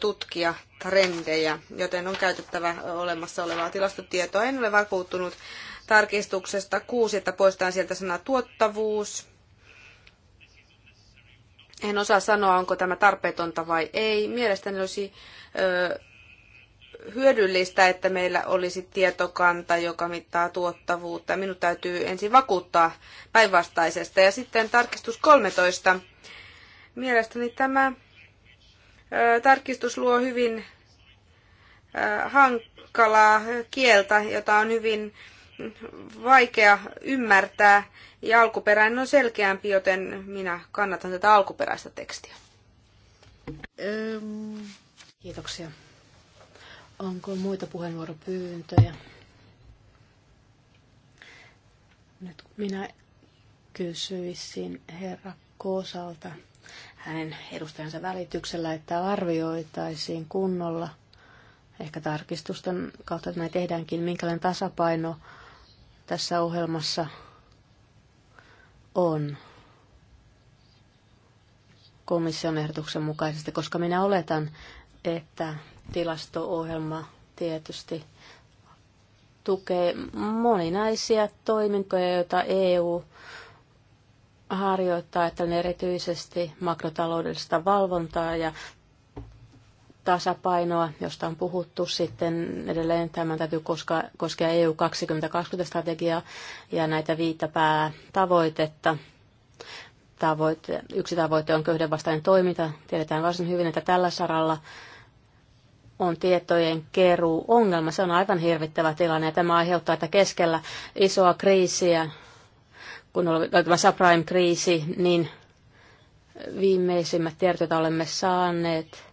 tutkia trendejä, joten on käytettävä olemassa olevaa tilastotietoa. En ole vakuuttunut tarkistuksesta kuusi, että poistetaan sieltä sana tuottavuus. En osaa sanoa, onko tämä tarpeetonta vai ei. Mielestäni olisi ö, hyödyllistä, että meillä olisi tietokanta, joka mittaa tuottavuutta. Minun täytyy ensin vakuuttaa päinvastaisesta. Ja sitten tarkistus 13. Mielestäni tämä tarkistus luo hyvin hankalaa kieltä, jota on hyvin vaikea ymmärtää. Ja alkuperäinen on selkeämpi, joten minä kannatan tätä alkuperäistä tekstiä. Kiitoksia. Onko muita puheenvuoropyyntöjä? Nyt minä kysyisin herra Kosalta hänen edustajansa välityksellä, että arvioitaisiin kunnolla, ehkä tarkistusten kautta että näin tehdäänkin, minkälainen tasapaino tässä ohjelmassa on komission ehdotuksen mukaisesti, koska minä oletan, että tilasto-ohjelma tietysti tukee moninaisia toimintoja, joita EU harjoittaa, että on erityisesti makrotaloudellista valvontaa ja tasapainoa, josta on puhuttu sitten edelleen. Tämän täytyy koska, koskea EU 2020-strategiaa ja näitä viittä päätavoitetta. Tavoite, yksi tavoite on köyhdenvastainen toiminta. Tiedetään varsin hyvin, että tällä saralla on tietojen keruu ongelma. Se on aivan hirvittävä tilanne ja tämä aiheuttaa, että keskellä isoa kriisiä, kun oli tämä subprime-kriisi, niin viimeisimmät tiedot, joita olemme saaneet,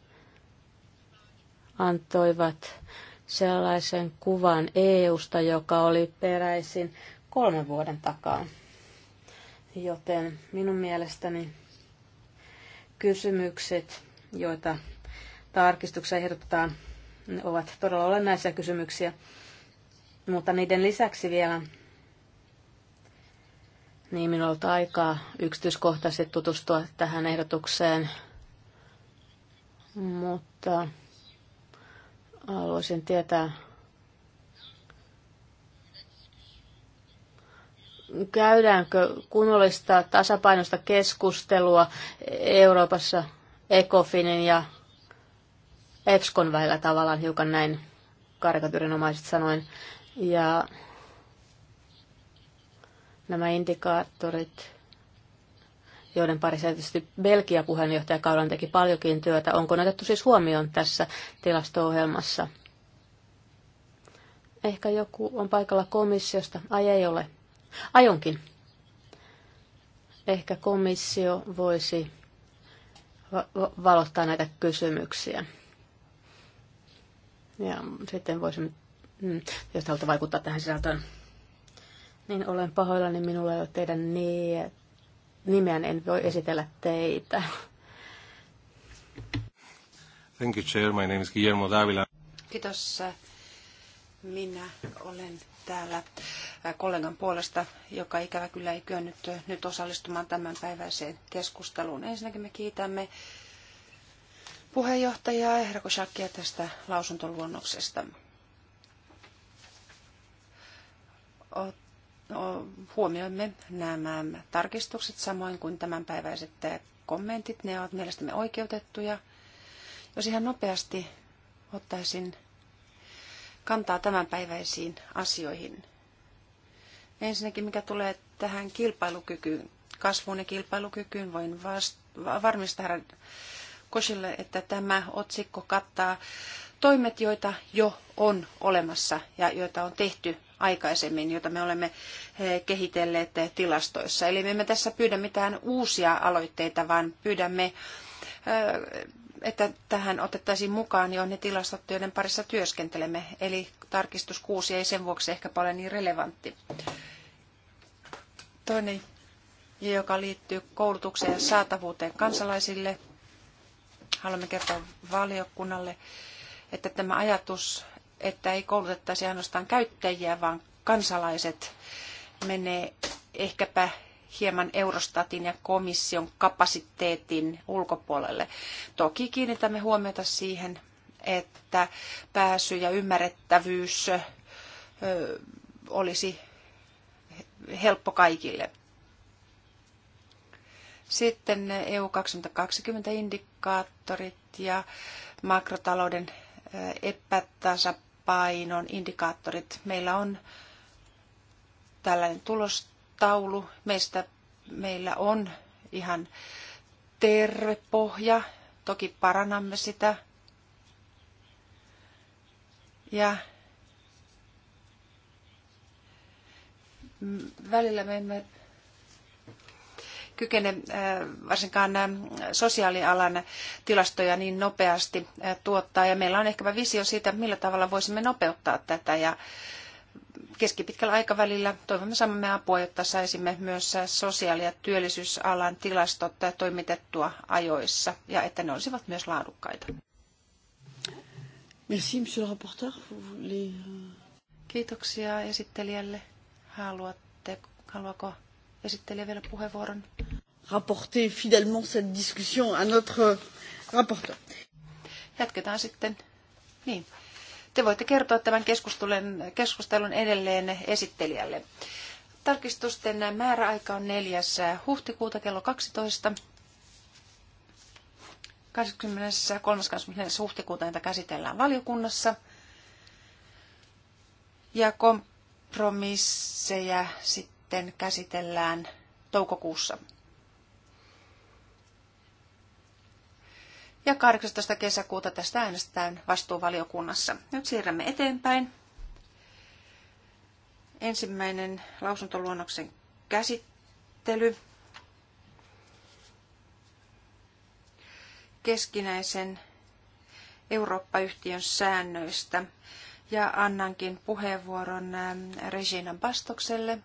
antoivat sellaisen kuvan EUsta, joka oli peräisin kolmen vuoden takaa. Joten minun mielestäni kysymykset, joita tarkistuksia ehdotetaan ne ovat todella olennaisia kysymyksiä. Mutta niiden lisäksi vielä, niin minulla on aikaa yksityiskohtaisesti tutustua tähän ehdotukseen, mutta haluaisin tietää, käydäänkö kunnollista tasapainosta keskustelua Euroopassa ECOFINin ja EPSKon välillä tavallaan hiukan näin karikatyrinomaiset sanoin. Ja nämä indikaattorit, joiden parissa tietysti Belgia puheenjohtajakaudella teki paljonkin työtä, onko ne otettu siis huomioon tässä tilasto-ohjelmassa? Ehkä joku on paikalla komissiosta. Ai ei ole. Ajonkin. Ehkä komissio voisi valottaa näitä kysymyksiä. Ja sitten voisin, mm, jos haluatte vaikuttaa tähän sisältöön, niin olen pahoillani, minulla ei ole teidän niin, nimeän, en voi esitellä teitä. Thank you, Chair. My name is Guillermo Davila. Kiitos. Minä olen täällä äh, kollegan puolesta, joka ikävä kyllä ei kyennyt äh, nyt osallistumaan tämänpäiväiseen keskusteluun. Ensinnäkin me kiitämme puheenjohtajaa ja Kosakia tästä lausuntoluonnoksesta. Huomioimme nämä tarkistukset samoin kuin tämänpäiväiset kommentit. Ne ovat mielestämme oikeutettuja. Jos ihan nopeasti ottaisin kantaa tämänpäiväisiin asioihin. Ensinnäkin mikä tulee tähän kilpailukykyyn, kasvuun ja kilpailukykyyn, voin vast- varmistaa Kosille, että tämä otsikko kattaa toimet, joita jo on olemassa ja joita on tehty aikaisemmin, joita me olemme eh, kehitelleet tilastoissa. Eli me emme tässä pyydä mitään uusia aloitteita, vaan pyydämme, eh, että tähän otettaisiin mukaan jo ne tilastot, joiden parissa työskentelemme. Eli tarkistus kuusi ei sen vuoksi ehkä ole niin relevantti. Toinen, joka liittyy koulutukseen ja saatavuuteen kansalaisille, Haluamme kertoa valiokunnalle, että tämä ajatus, että ei koulutettaisi ainoastaan käyttäjiä, vaan kansalaiset menee ehkäpä hieman Eurostatin ja komission kapasiteetin ulkopuolelle. Toki kiinnitämme huomiota siihen, että pääsy ja ymmärrettävyys olisi helppo kaikille. Sitten EU 2020 indikaattorit ja makrotalouden epätasapainon indikaattorit. Meillä on tällainen tulostaulu. Meistä meillä on ihan terve pohja. Toki parannamme sitä. Ja välillä me emme kykene äh, varsinkaan äh, sosiaalialan tilastoja niin nopeasti äh, tuottaa. Ja meillä on ehkäpä visio siitä, millä tavalla voisimme nopeuttaa tätä. Ja keskipitkällä aikavälillä toivomme samamme apua, jotta saisimme myös sosiaali- ja työllisyysalan tilastot toimitettua ajoissa ja että ne olisivat myös laadukkaita. Merci, monsieur le rapporteur. Euh, Kiitoksia esittelijälle. Haluatte, haluako esittelee vielä puheenvuoron. Rapporter finalement cette discussion à notre euh, rapporteur. Jatketaan sitten. Niin. Te voitte kertoa tämän keskustelun, keskustelun edelleen esittelijälle. Tarkistusten määräaika on 4. huhtikuuta kello 12. 23. huhtikuuta näitä käsitellään valiokunnassa. Ja kompromisseja sitten sitten käsitellään toukokuussa. Ja 18. kesäkuuta tästä äänestetään vastuuvaliokunnassa. Nyt siirrämme eteenpäin. Ensimmäinen lausuntoluonnoksen käsittely. Keskinäisen Eurooppa-yhtiön säännöistä. Ja annankin puheenvuoron Regina Bastokselle,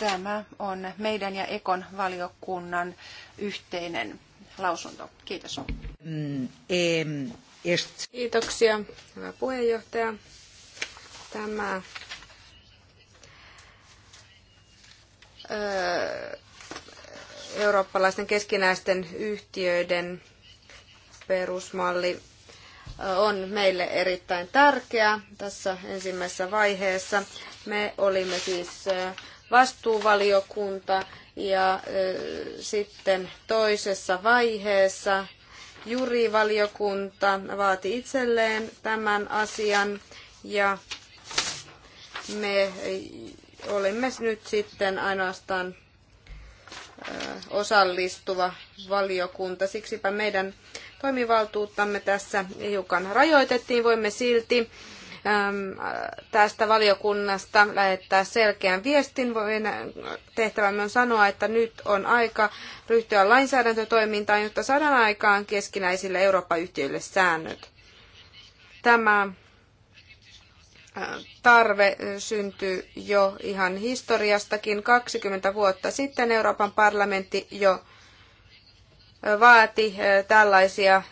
Tämä on meidän ja Ekon valiokunnan yhteinen lausunto. Kiitos. Mm, Kiitoksia, hyvä puheenjohtaja. Tämä eurooppalaisten keskinäisten yhtiöiden perusmalli on meille erittäin tärkeä tässä ensimmäisessä vaiheessa. Me olimme siis vastuuvaliokunta ja sitten toisessa vaiheessa jurivaliokunta vaati itselleen tämän asian ja me olemme nyt sitten ainoastaan osallistuva valiokunta. Siksipä meidän toimivaltuuttamme tässä hiukan rajoitettiin. Voimme silti Ähm, tästä valiokunnasta lähettää selkeän viestin. Meidän tehtävämme on sanoa, että nyt on aika ryhtyä lainsäädäntötoimintaan, jotta saadaan aikaan keskinäisille Eurooppa-yhtiöille säännöt. Tämä äh, tarve syntyi jo ihan historiastakin. 20 vuotta sitten Euroopan parlamentti jo äh, vaati äh, tällaisia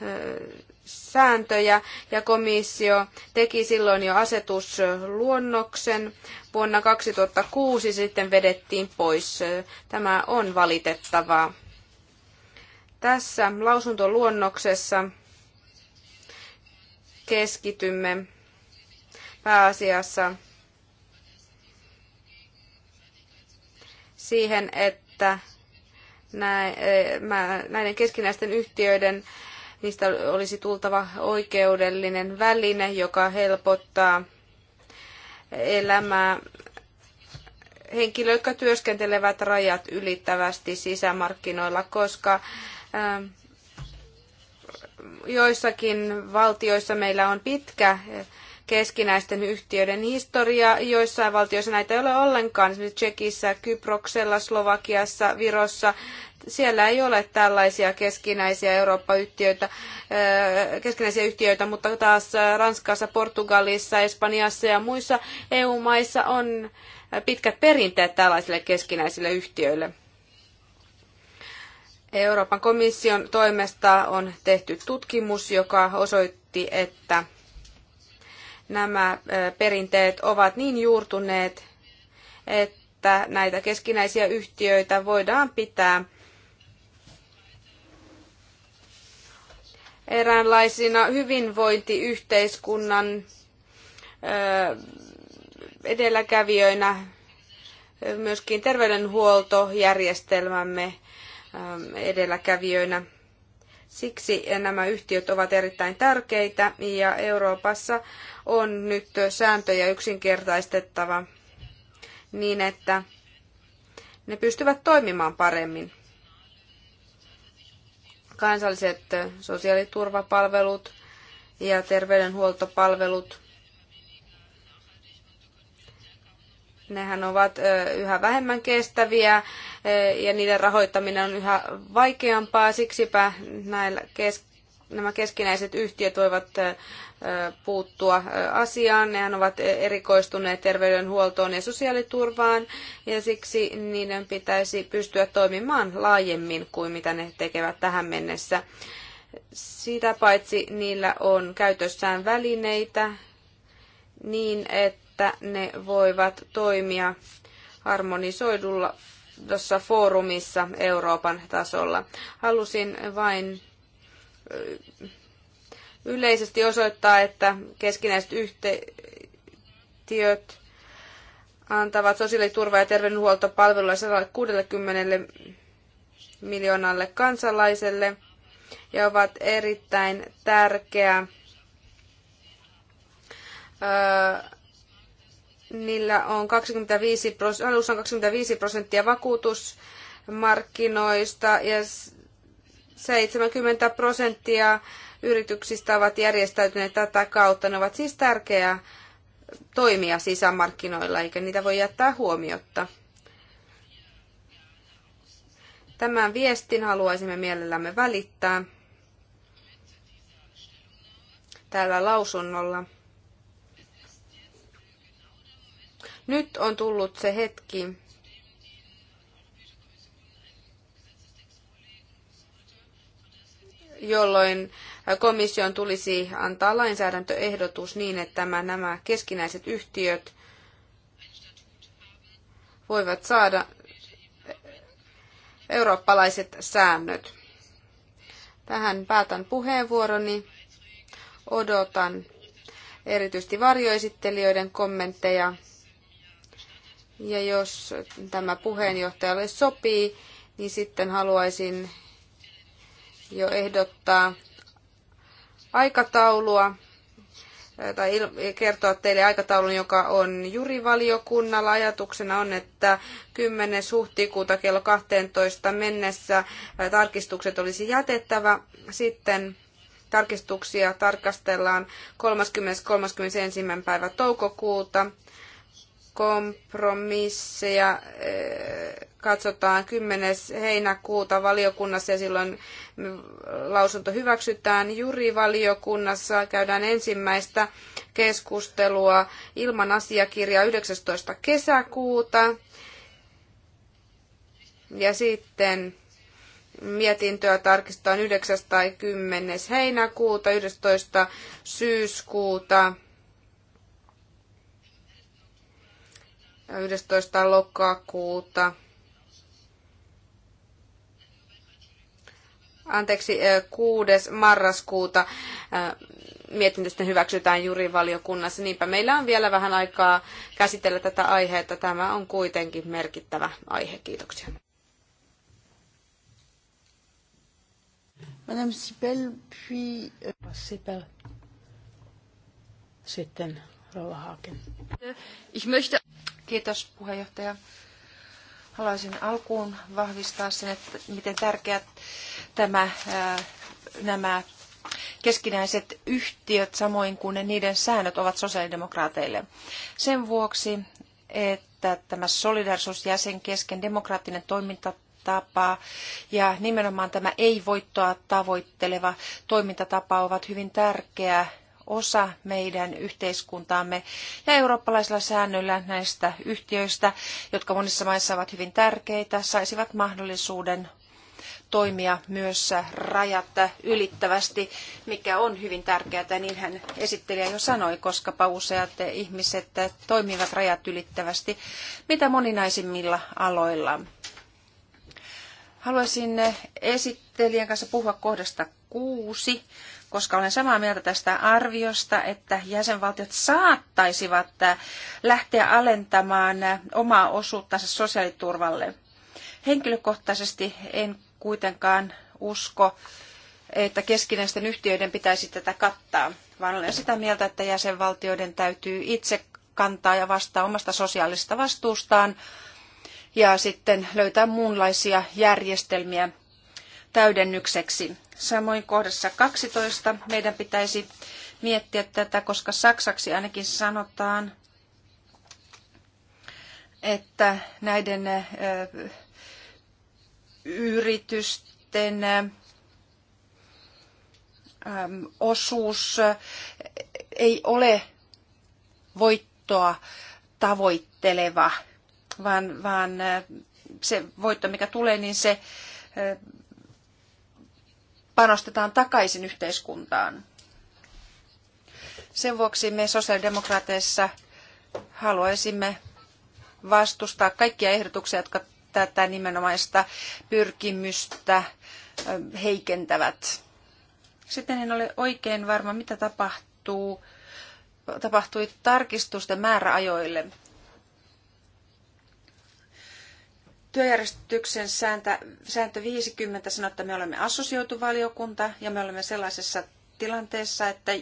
sääntöjä ja komissio teki silloin jo asetusluonnoksen. Vuonna 2006 sitten vedettiin pois. Tämä on valitettavaa. Tässä lausuntoluonnoksessa keskitymme pääasiassa siihen, että näiden keskinäisten yhtiöiden Niistä olisi tultava oikeudellinen väline, joka helpottaa elämää henkilöitä, jotka työskentelevät rajat ylittävästi sisämarkkinoilla, koska ähm, joissakin valtioissa meillä on pitkä keskinäisten yhtiöiden historia. Joissain valtioissa näitä ei ole ollenkaan, esimerkiksi Tsekissä, Kyproksella, Slovakiassa, Virossa. Siellä ei ole tällaisia keskinäisiä Eurooppa-yhtiöitä, äh, keskinäisiä yhtiöitä, mutta taas äh, Ranskassa, Portugalissa, Espanjassa ja muissa EU-maissa on pitkät perinteet tällaisille keskinäisille yhtiöille. Euroopan komission toimesta on tehty tutkimus, joka osoitti, että nämä äh, perinteet ovat niin juurtuneet, että näitä keskinäisiä yhtiöitä voidaan pitää eräänlaisina hyvinvointiyhteiskunnan edelläkävijöinä myöskin terveydenhuoltojärjestelmämme edelläkävijöinä. Siksi nämä yhtiöt ovat erittäin tärkeitä ja Euroopassa on nyt sääntöjä yksinkertaistettava niin, että ne pystyvät toimimaan paremmin kansalliset sosiaaliturvapalvelut ja terveydenhuoltopalvelut. Nehän ovat yhä vähemmän kestäviä ja niiden rahoittaminen on yhä vaikeampaa, siksipä näillä kes- nämä keskinäiset yhtiöt voivat puuttua asiaan. Nehän ovat erikoistuneet terveydenhuoltoon ja sosiaaliturvaan ja siksi niiden pitäisi pystyä toimimaan laajemmin kuin mitä ne tekevät tähän mennessä. Sitä paitsi niillä on käytössään välineitä niin, että ne voivat toimia harmonisoidulla tuossa foorumissa Euroopan tasolla. Halusin vain yleisesti osoittaa, että keskinäiset yhteistyöt antavat sosiaaliturva- ja terveydenhuoltopalveluja 160 miljoonalle kansalaiselle ja ovat erittäin tärkeä niillä on 25, on 25 prosenttia vakuutusmarkkinoista ja 70 prosenttia yrityksistä ovat järjestäytyneet tätä kautta. Ne ovat siis tärkeä toimia sisämarkkinoilla, eikä niitä voi jättää huomiotta. Tämän viestin haluaisimme mielellämme välittää tällä lausunnolla. Nyt on tullut se hetki, jolloin komission tulisi antaa lainsäädäntöehdotus niin, että nämä keskinäiset yhtiöt voivat saada eurooppalaiset säännöt. Tähän päätän puheenvuoroni. Odotan erityisesti varjoesittelijöiden kommentteja. Ja jos tämä puheenjohtajalle sopii, niin sitten haluaisin jo ehdottaa aikataulua eh, tai kertoa teille aikataulun, joka on jurivaliokunnalla. Ajatuksena on, että 10. huhtikuuta kello 12 mennessä eh, tarkistukset olisi jätettävä. Sitten tarkistuksia tarkastellaan 30.31. päivä toukokuuta. Kompromisseja eh, katsotaan 10. heinäkuuta valiokunnassa ja silloin lausunto hyväksytään. Juri-valiokunnassa käydään ensimmäistä keskustelua ilman asiakirjaa 19. kesäkuuta. Ja sitten mietintöä tarkistetaan 9. tai 10. heinäkuuta, 11. syyskuuta, 11. lokakuuta. anteeksi, 6. marraskuuta mietintö sitten hyväksytään jurivaliokunnassa. Niinpä meillä on vielä vähän aikaa käsitellä tätä aihetta. Tämä on kuitenkin merkittävä aihe. Kiitoksia. Madame Sipel, puis... Sipel. Sitten Rolla Haaken. Kiitos puheenjohtaja. Haluaisin alkuun vahvistaa sen, että miten tärkeät tämä, äh, nämä keskinäiset yhtiöt, samoin kuin niiden säännöt, ovat sosiaalidemokraateille. Sen vuoksi, että tämä solidarisuusjäsen kesken demokraattinen toiminta ja nimenomaan tämä ei-voittoa tavoitteleva toimintatapa ovat hyvin tärkeä osa meidän yhteiskuntaamme ja eurooppalaisilla säännöillä näistä yhtiöistä, jotka monissa maissa ovat hyvin tärkeitä, saisivat mahdollisuuden toimia myös rajat ylittävästi, mikä on hyvin tärkeää, niin hän esittelijä jo sanoi, koska useat ihmiset toimivat rajat ylittävästi mitä moninaisimmilla aloilla. Haluaisin esittelijän kanssa puhua kohdasta kuusi koska olen samaa mieltä tästä arviosta, että jäsenvaltiot saattaisivat lähteä alentamaan omaa osuuttansa sosiaaliturvalle. Henkilökohtaisesti en kuitenkaan usko, että keskinäisten yhtiöiden pitäisi tätä kattaa, vaan olen sitä mieltä, että jäsenvaltioiden täytyy itse kantaa ja vastaa omasta sosiaalisesta vastuustaan ja sitten löytää muunlaisia järjestelmiä täydennykseksi. Samoin kohdassa 12 meidän pitäisi miettiä tätä, koska saksaksi ainakin sanotaan, että näiden yritysten osuus ei ole voittoa tavoitteleva, vaan, vaan se voitto, mikä tulee, niin se panostetaan takaisin yhteiskuntaan. Sen vuoksi me sosiaalidemokraateissa haluaisimme vastustaa kaikkia ehdotuksia, jotka tätä nimenomaista pyrkimystä heikentävät. Sitten en ole oikein varma, mitä tapahtuu, tapahtui tarkistusten määräajoille. työjärjestyksen sääntö, sääntö 50 sanoo, että me olemme assosioitu valiokunta ja me olemme sellaisessa tilanteessa, että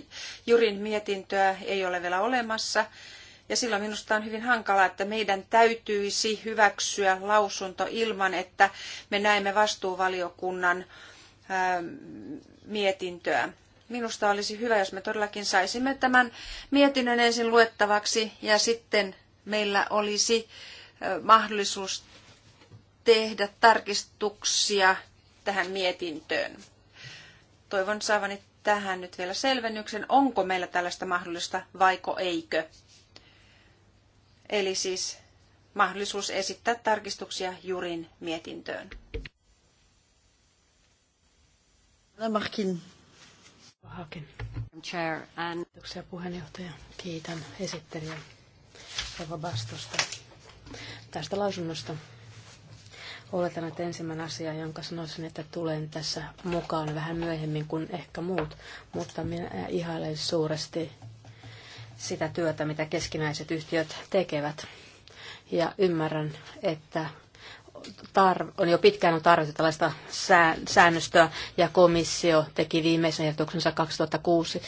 Jurin mietintöä ei ole vielä olemassa. Ja silloin minusta on hyvin hankalaa, että meidän täytyisi hyväksyä lausunto ilman, että me näemme vastuuvaliokunnan ähm, mietintöä. Minusta olisi hyvä, jos me todellakin saisimme tämän mietinnön ensin luettavaksi ja sitten meillä olisi äh, mahdollisuus tehdä tarkistuksia tähän mietintöön. Toivon saavani tähän nyt vielä selvennyksen, onko meillä tällaista mahdollista vaiko eikö. Eli siis mahdollisuus esittää tarkistuksia Jurin mietintöön. Lamarkin. Hakin. Chair and... Kiitoksia puheenjohtaja. Kiitän esittelijä Eva Bastosta tästä lausunnosta. Oletan, että ensimmäinen asia, jonka sanoisin, että tulen tässä mukaan vähän myöhemmin kuin ehkä muut, mutta minä ihailen suuresti sitä työtä, mitä keskinäiset yhtiöt tekevät. Ja ymmärrän, että tar- on jo pitkään tarvittu tällaista säännöstöä, ja komissio teki viimeisen ehdotuksensa 2006.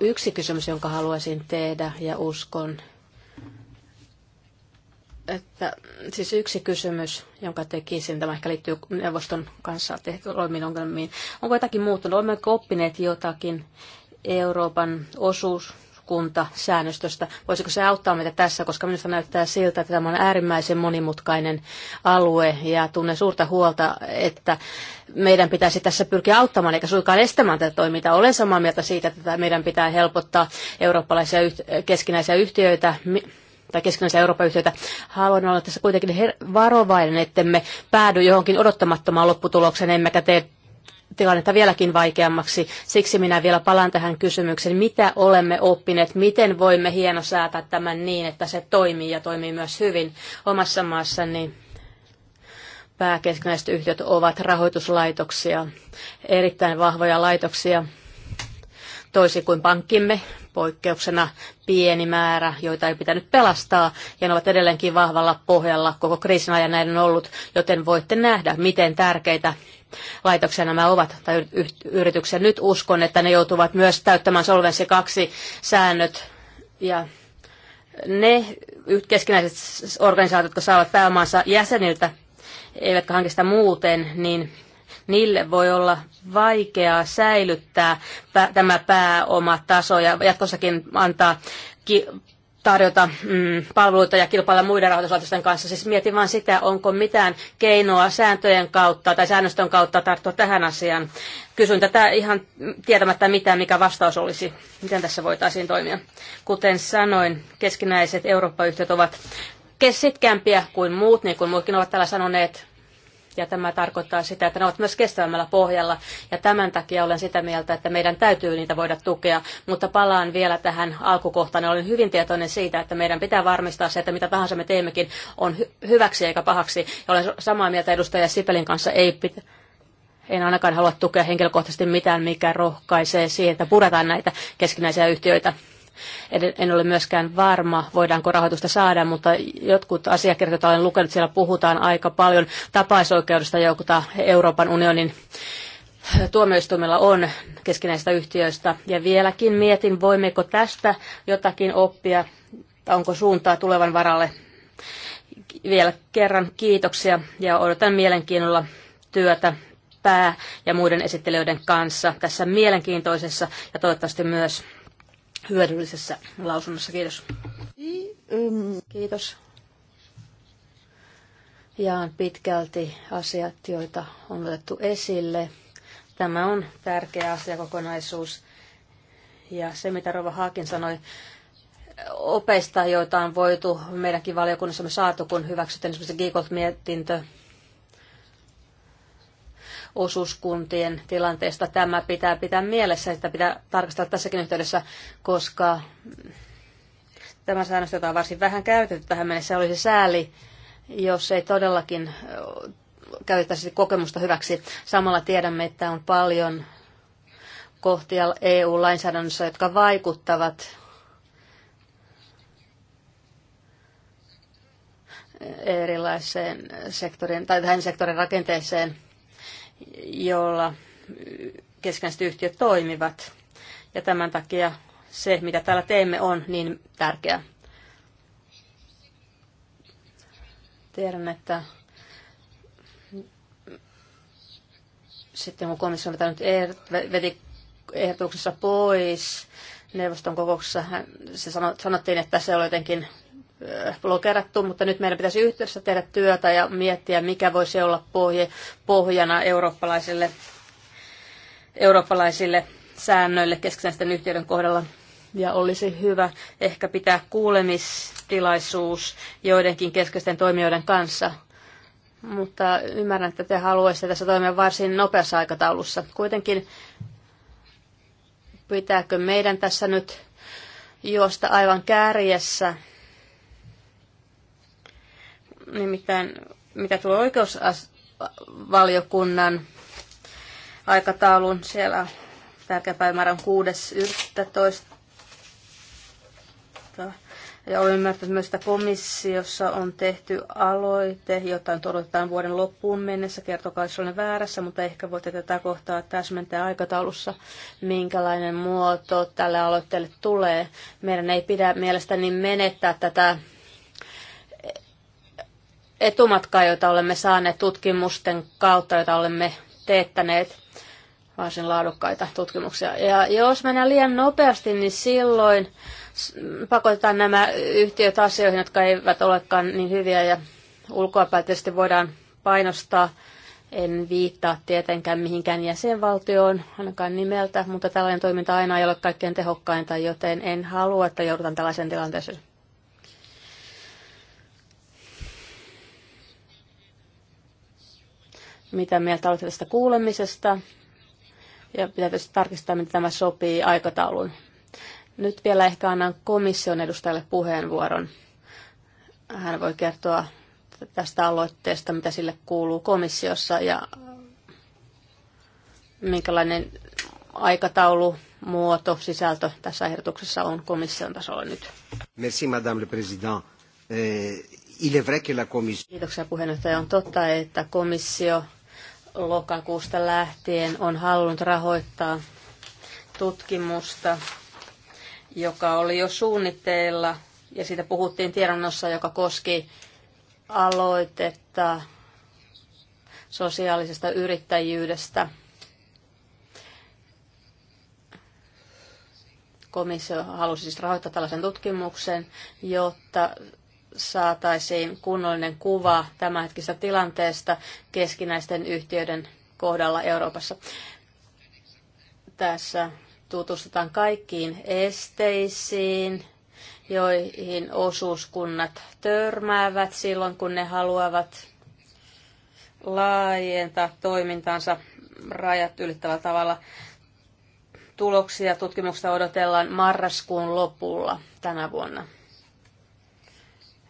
Yksi kysymys, jonka haluaisin tehdä, ja uskon, että siis yksi kysymys, jonka tekisin, tämä ehkä liittyy neuvoston kanssa tehtyä ongelmiin. Onko jotakin muuttunut? Olemmeko oppineet jotakin Euroopan osuus, säännöstöstä. Voisiko se auttaa meitä tässä, koska minusta näyttää siltä, että tämä on äärimmäisen monimutkainen alue ja tunne suurta huolta, että meidän pitäisi tässä pyrkiä auttamaan eikä suinkaan estämään tätä toimintaa. Olen samaa mieltä siitä, että meidän pitää helpottaa eurooppalaisia keskinäisiä yhtiöitä tai keskinäistä Euroopan yhteyttä Haluan olla tässä kuitenkin varovainen, ettemme päädy johonkin odottamattomaan lopputulokseen, emmekä tee tilannetta vieläkin vaikeammaksi. Siksi minä vielä palaan tähän kysymykseen, mitä olemme oppineet, miten voimme hieno säätää tämän niin, että se toimii ja toimii myös hyvin omassa maassani. Pääkeskinäiset yhtiöt ovat rahoituslaitoksia, erittäin vahvoja laitoksia, toisin kuin pankkimme, poikkeuksena pieni määrä, joita ei pitänyt pelastaa, ja ne ovat edelleenkin vahvalla pohjalla. Koko kriisin ajan näiden ollut, joten voitte nähdä, miten tärkeitä laitoksia nämä ovat tai yrityksiä. Nyt uskon, että ne joutuvat myös täyttämään Solvenssi 2 säännöt ja ne keskinäiset organisaatiot, jotka saavat pääomansa jäseniltä, eivätkä hankista muuten, niin niille voi olla vaikeaa säilyttää tämä pääomataso ja jatkossakin antaa tarjota mm, palveluita ja kilpailla muiden rahoituslaitosten kanssa. Siis mietin vain sitä, onko mitään keinoa sääntöjen kautta tai säännöstön kautta tarttua tähän asiaan. Kysyn tätä ihan tietämättä mitään, mikä vastaus olisi, miten tässä voitaisiin toimia. Kuten sanoin, keskinäiset Eurooppa-yhtiöt ovat sitkämpiä kuin muut, niin kuin muutkin ovat täällä sanoneet ja tämä tarkoittaa sitä, että ne ovat myös kestävämmällä pohjalla. Ja tämän takia olen sitä mieltä, että meidän täytyy niitä voida tukea. Mutta palaan vielä tähän alkukohtaan. Olen hyvin tietoinen siitä, että meidän pitää varmistaa se, että mitä tahansa me teemmekin on hy- hyväksi eikä pahaksi. Ja olen samaa mieltä edustaja Sipelin kanssa. Ei pitä- en ainakaan halua tukea henkilökohtaisesti mitään, mikä rohkaisee siihen, että puretaan näitä keskinäisiä yhtiöitä. En ole myöskään varma, voidaanko rahoitusta saada, mutta jotkut asiakirjat, joita olen lukenut, siellä puhutaan aika paljon tapaisoikeudesta, joka Euroopan unionin tuomioistuimella on keskinäistä yhtiöistä. Ja vieläkin mietin, voimmeko tästä jotakin oppia, onko suuntaa tulevan varalle. Vielä kerran kiitoksia ja odotan mielenkiinnolla työtä pää- ja muiden esittelijöiden kanssa tässä mielenkiintoisessa ja toivottavasti myös hyödyllisessä lausunnossa. Kiitos. Um, kiitos. Jaan pitkälti asiat, joita on otettu esille. Tämä on tärkeä asiakokonaisuus. Ja se, mitä Rova Haakin sanoi, opeista, joita on voitu meidänkin valiokunnassamme saatu, kun hyväksytään esimerkiksi Giikolt-mietintö, osuuskuntien tilanteesta. Tämä pitää pitää mielessä, että pitää tarkastella tässäkin yhteydessä, koska tämä säännös, jota on varsin vähän käytetty tähän mennessä, olisi sääli, jos ei todellakin käytettäisi kokemusta hyväksi. Samalla tiedämme, että on paljon kohtia EU-lainsäädännössä, jotka vaikuttavat erilaiseen sektorin tai tähän sektorin rakenteeseen – jolla keskinäiset yhtiöt toimivat. Ja tämän takia se, mitä täällä teemme, on niin tärkeää. Tiedän, että sitten kun komissio on vetänyt ehdotuksessa pois neuvoston kokouksessa, se sanottiin, että se oli jotenkin Äh, blokerattu, mutta nyt meidän pitäisi yhdessä tehdä työtä ja miettiä, mikä voisi olla pohje, pohjana eurooppalaisille, eurooppalaisille säännöille keskinäisten yhtiöiden kohdalla. Ja olisi hyvä ehkä pitää kuulemistilaisuus joidenkin keskeisten toimijoiden kanssa. Mutta ymmärrän, että te haluaisitte tässä toimia varsin nopeassa aikataulussa. Kuitenkin pitääkö meidän tässä nyt juosta aivan kärjessä nimittäin mitä tulee oikeusvaliokunnan aikataulun, siellä tärkeä päivämäärä on 6.11. Ja olen ymmärtänyt myös, että komissiossa on tehty aloite, jota nyt odotetaan vuoden loppuun mennessä. Kertokaa, jos olen väärässä, mutta ehkä voitte tätä kohtaa täsmentää aikataulussa, minkälainen muoto tälle aloitteelle tulee. Meidän ei pidä mielestäni menettää tätä etumatkaa, joita olemme saaneet tutkimusten kautta, joita olemme teettäneet varsin laadukkaita tutkimuksia. Ja jos mennään liian nopeasti, niin silloin pakotetaan nämä yhtiöt asioihin, jotka eivät olekaan niin hyviä ja ulkoapäin tietysti voidaan painostaa. En viittaa tietenkään mihinkään jäsenvaltioon, ainakaan nimeltä, mutta tällainen toiminta aina ei ole kaikkein tehokkainta, joten en halua, että joudutaan tällaisen tilanteeseen. mitä mieltä olette tästä kuulemisesta. Ja pitää tietysti tarkistaa, miten tämä sopii aikataulun. Nyt vielä ehkä annan komission edustajalle puheenvuoron. Hän voi kertoa tästä aloitteesta, mitä sille kuuluu komissiossa ja minkälainen aikataulu, muoto, sisältö tässä ehdotuksessa on komission tasolla nyt. Merci, Madame le Président. Eh, il est vrai que la commission... Kiitoksia puheenjohtaja. On totta, että komissio lokakuusta lähtien on halunnut rahoittaa tutkimusta, joka oli jo suunnitteilla, ja siitä puhuttiin tiedonnossa, joka koski aloitetta sosiaalisesta yrittäjyydestä. Komissio halusi siis rahoittaa tällaisen tutkimuksen, jotta saataisiin kunnollinen kuva tämänhetkisestä tilanteesta keskinäisten yhtiöiden kohdalla Euroopassa. Tässä tutustutaan kaikkiin esteisiin, joihin osuuskunnat törmäävät silloin, kun ne haluavat laajentaa toimintansa rajat ylittävällä tavalla. Tuloksia tutkimuksesta odotellaan marraskuun lopulla tänä vuonna.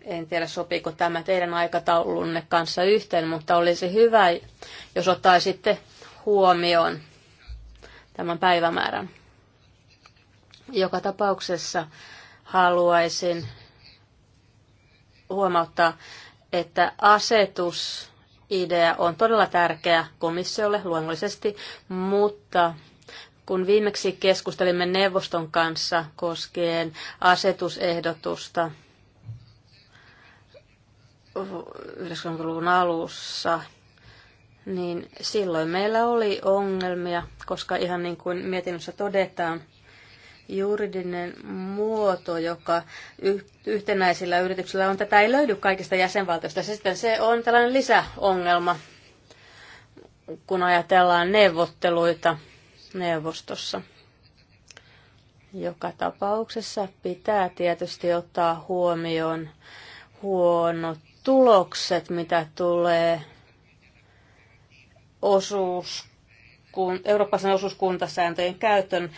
En tiedä, sopiiko tämä teidän aikataulunne kanssa yhteen, mutta olisi hyvä, jos ottaisitte huomioon tämän päivämäärän. Joka tapauksessa haluaisin huomauttaa, että asetusidea on todella tärkeä komissiolle luonnollisesti, mutta kun viimeksi keskustelimme neuvoston kanssa koskien asetusehdotusta, 90-luvun alussa, niin silloin meillä oli ongelmia, koska ihan niin kuin mietinnössä todetaan, juridinen muoto, joka yhtenäisillä yrityksillä on. Tätä ei löydy kaikista jäsenvaltioista. Sitten se on tällainen lisäongelma, kun ajatellaan neuvotteluita neuvostossa. Joka tapauksessa pitää tietysti ottaa huomioon huonot tulokset, mitä tulee osuus, kun, Euroopan osuuskuntasääntöjen käytön.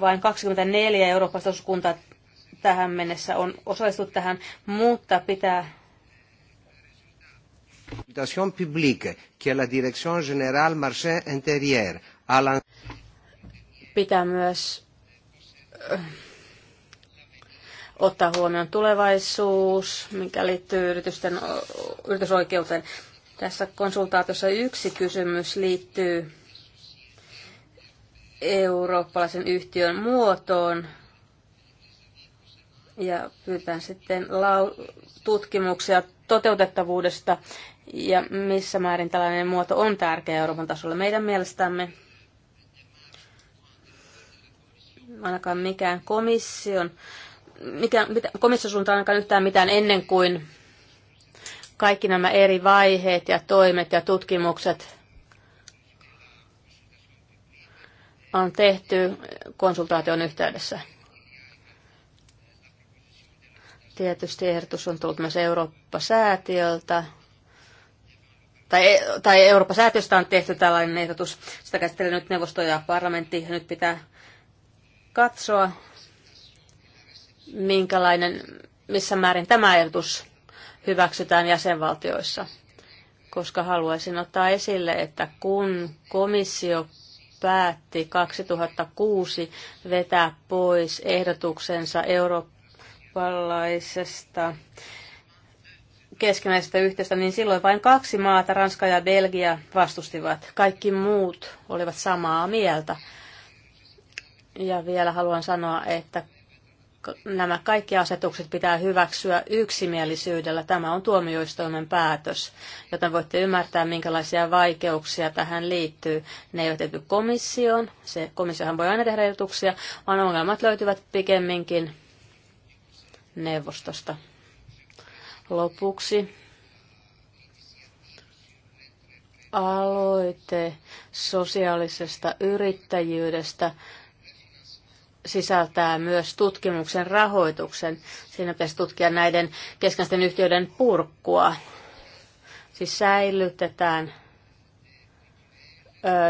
Vain 24 Euroopan osuuskuntaa tähän mennessä on osallistunut tähän, mutta pitää Pitää myös ottaa huomioon tulevaisuus, mikä liittyy yritysten, yritysoikeuteen. Tässä konsultaatiossa yksi kysymys liittyy eurooppalaisen yhtiön muotoon ja pyytään sitten tutkimuksia toteutettavuudesta ja missä määrin tällainen muoto on tärkeä Euroopan tasolla. Meidän mielestämme ainakaan mikään komission Mikään mitään, komission suuntaan ainakaan yhtään mitään ennen kuin kaikki nämä eri vaiheet ja toimet ja tutkimukset on tehty konsultaation yhteydessä. Tietysti ehdotus on tullut myös Eurooppa-säätiöltä. Tai, tai Eurooppa-säätiöstä on tehty tällainen ehdotus. Sitä käsittelee nyt neuvosto ja parlamentti. Nyt pitää katsoa, minkälainen, missä määrin tämä ehdotus hyväksytään jäsenvaltioissa, koska haluaisin ottaa esille, että kun komissio päätti 2006 vetää pois ehdotuksensa eurooppalaisesta keskinäisestä yhteistä, niin silloin vain kaksi maata, Ranska ja Belgia, vastustivat. Kaikki muut olivat samaa mieltä. Ja vielä haluan sanoa, että nämä kaikki asetukset pitää hyväksyä yksimielisyydellä. Tämä on tuomioistuimen päätös, joten voitte ymmärtää, minkälaisia vaikeuksia tähän liittyy. Ne eivät tehty komissioon, se komissiohan voi aina tehdä ehdotuksia, vaan ongelmat löytyvät pikemminkin neuvostosta. Lopuksi aloite sosiaalisesta yrittäjyydestä sisältää myös tutkimuksen rahoituksen. Siinä pitäisi tutkia näiden keskeisten yhtiöiden purkkua. Siis säilytetään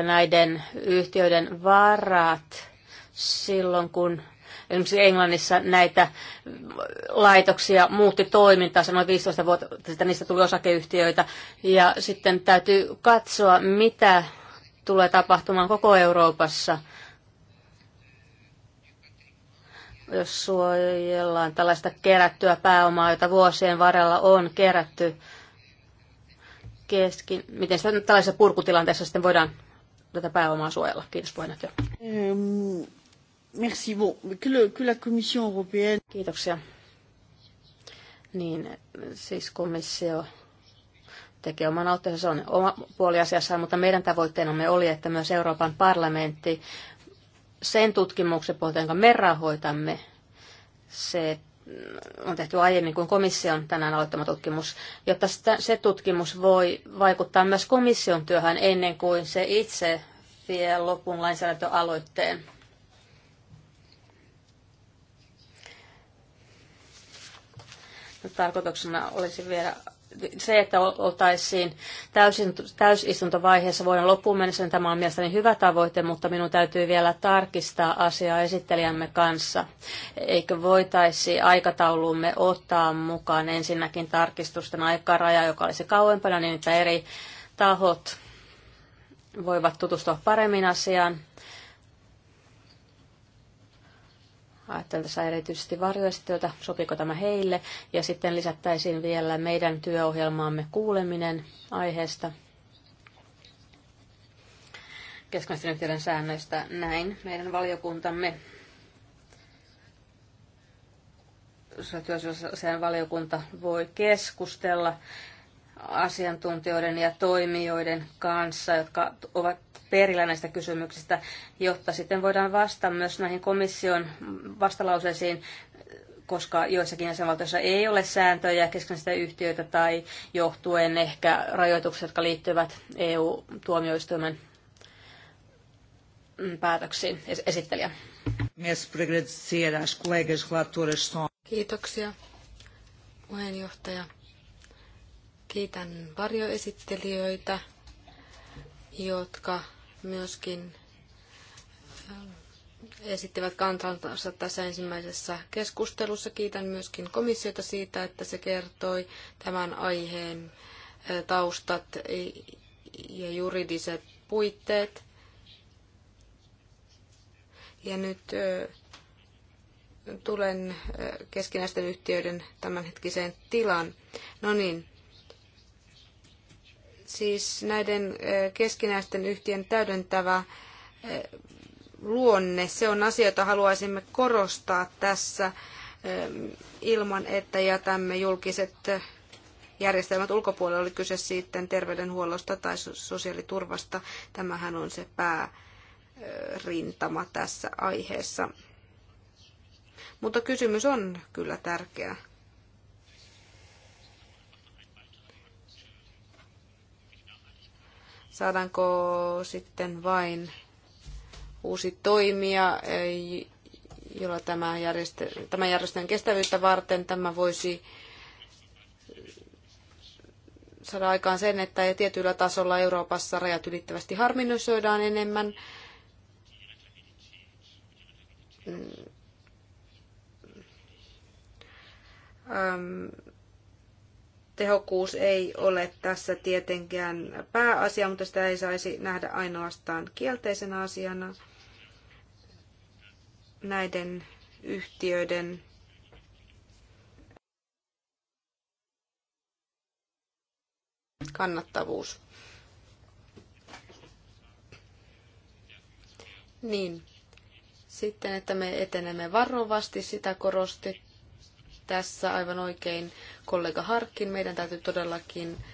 näiden yhtiöiden varat silloin, kun esimerkiksi Englannissa näitä laitoksia muutti toimintaa, noin 15 vuotta sitten, niistä tuli osakeyhtiöitä. Ja sitten täytyy katsoa, mitä tulee tapahtumaan koko Euroopassa – jos suojellaan tällaista kerättyä pääomaa, jota vuosien varrella on kerätty keskin. Miten sitä tällaisessa purkutilanteessa sitten voidaan tätä pääomaa suojella? Kiitos puheenjohtaja. Ähm, merci. Bon, que, la Commission européenne... Kiitoksia. Niin, siis komissio tekee oman autteensa, se on oma asiassa, mutta meidän tavoitteenamme oli, että myös Euroopan parlamentti sen tutkimuksen pohjalta, jonka me rahoitamme, se on tehty aiemmin kuin komission tänään aloittama tutkimus, jotta se tutkimus voi vaikuttaa myös komission työhön ennen kuin se itse vie lopun lainsäädäntöaloitteen. Tarkoituksena olisi vielä se, että oltaisiin täysistuntovaiheessa vuoden loppuun mennessä, niin tämä on mielestäni hyvä tavoite, mutta minun täytyy vielä tarkistaa asiaa esittelijämme kanssa. Eikö voitaisi aikataulumme ottaa mukaan ensinnäkin tarkistusten aikaraja, joka olisi kauempana, niin että eri tahot voivat tutustua paremmin asiaan Ajattelen tässä erityisesti varjoesityötä, sopiko tämä heille. Ja sitten lisättäisiin vielä meidän työohjelmaamme kuuleminen aiheesta. Keskustelun yhteyden säännöistä näin meidän valiokuntamme sen valiokunta voi keskustella asiantuntijoiden ja toimijoiden kanssa, jotka ovat perillä näistä kysymyksistä, jotta sitten voidaan vastata myös näihin komission vastalauseisiin, koska joissakin jäsenvaltioissa ei ole sääntöjä keskenistä yhtiöitä tai johtuen ehkä rajoitukset, jotka liittyvät EU-tuomioistuimen päätöksiin. Esittelijä. Kiitoksia, puheenjohtaja Kiitän varjoesittelijöitä, jotka myöskin äh, esittivät kantansa tässä ensimmäisessä keskustelussa. Kiitän myöskin komissiota siitä, että se kertoi tämän aiheen äh, taustat ja juridiset puitteet. Ja nyt äh, tulen keskinäisten yhtiöiden tämänhetkiseen tilaan. No niin, siis näiden keskinäisten yhtiön täydentävä luonne, se on asia, jota haluaisimme korostaa tässä ilman, että jätämme julkiset järjestelmät ulkopuolelle, oli kyse sitten terveydenhuollosta tai sosiaaliturvasta. Tämähän on se päärintama tässä aiheessa. Mutta kysymys on kyllä tärkeä. saadaanko sitten vain uusi toimija, jolla tämä järjestö, tämän järjestön kestävyyttä varten tämä voisi saada aikaan sen, että tietyllä tasolla Euroopassa rajat ylittävästi harminisoidaan enemmän. Ähm, tehokkuus ei ole tässä tietenkään pääasia, mutta sitä ei saisi nähdä ainoastaan kielteisenä asiana. Näiden yhtiöiden kannattavuus. Niin. Sitten, että me etenemme varovasti, sitä korosti tässä aivan oikein kollega Harkin. Meidän täytyy todellakin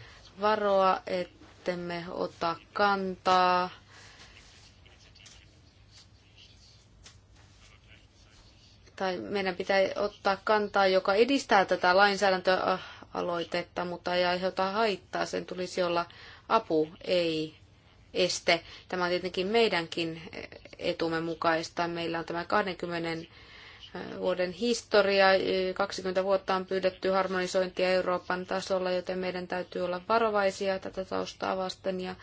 varoa, ettemme ota kantaa tai meidän pitää ottaa kantaa, joka edistää tätä lainsäädäntöaloitetta, mutta ei aiheuta haittaa. Sen tulisi olla apu, ei este. Tämä on tietenkin meidänkin etumme mukaista. Meillä on tämä 20 vuoden historia. 20 vuotta on pyydetty harmonisointia Euroopan tasolla, joten meidän täytyy olla varovaisia tätä taustaa vasten ja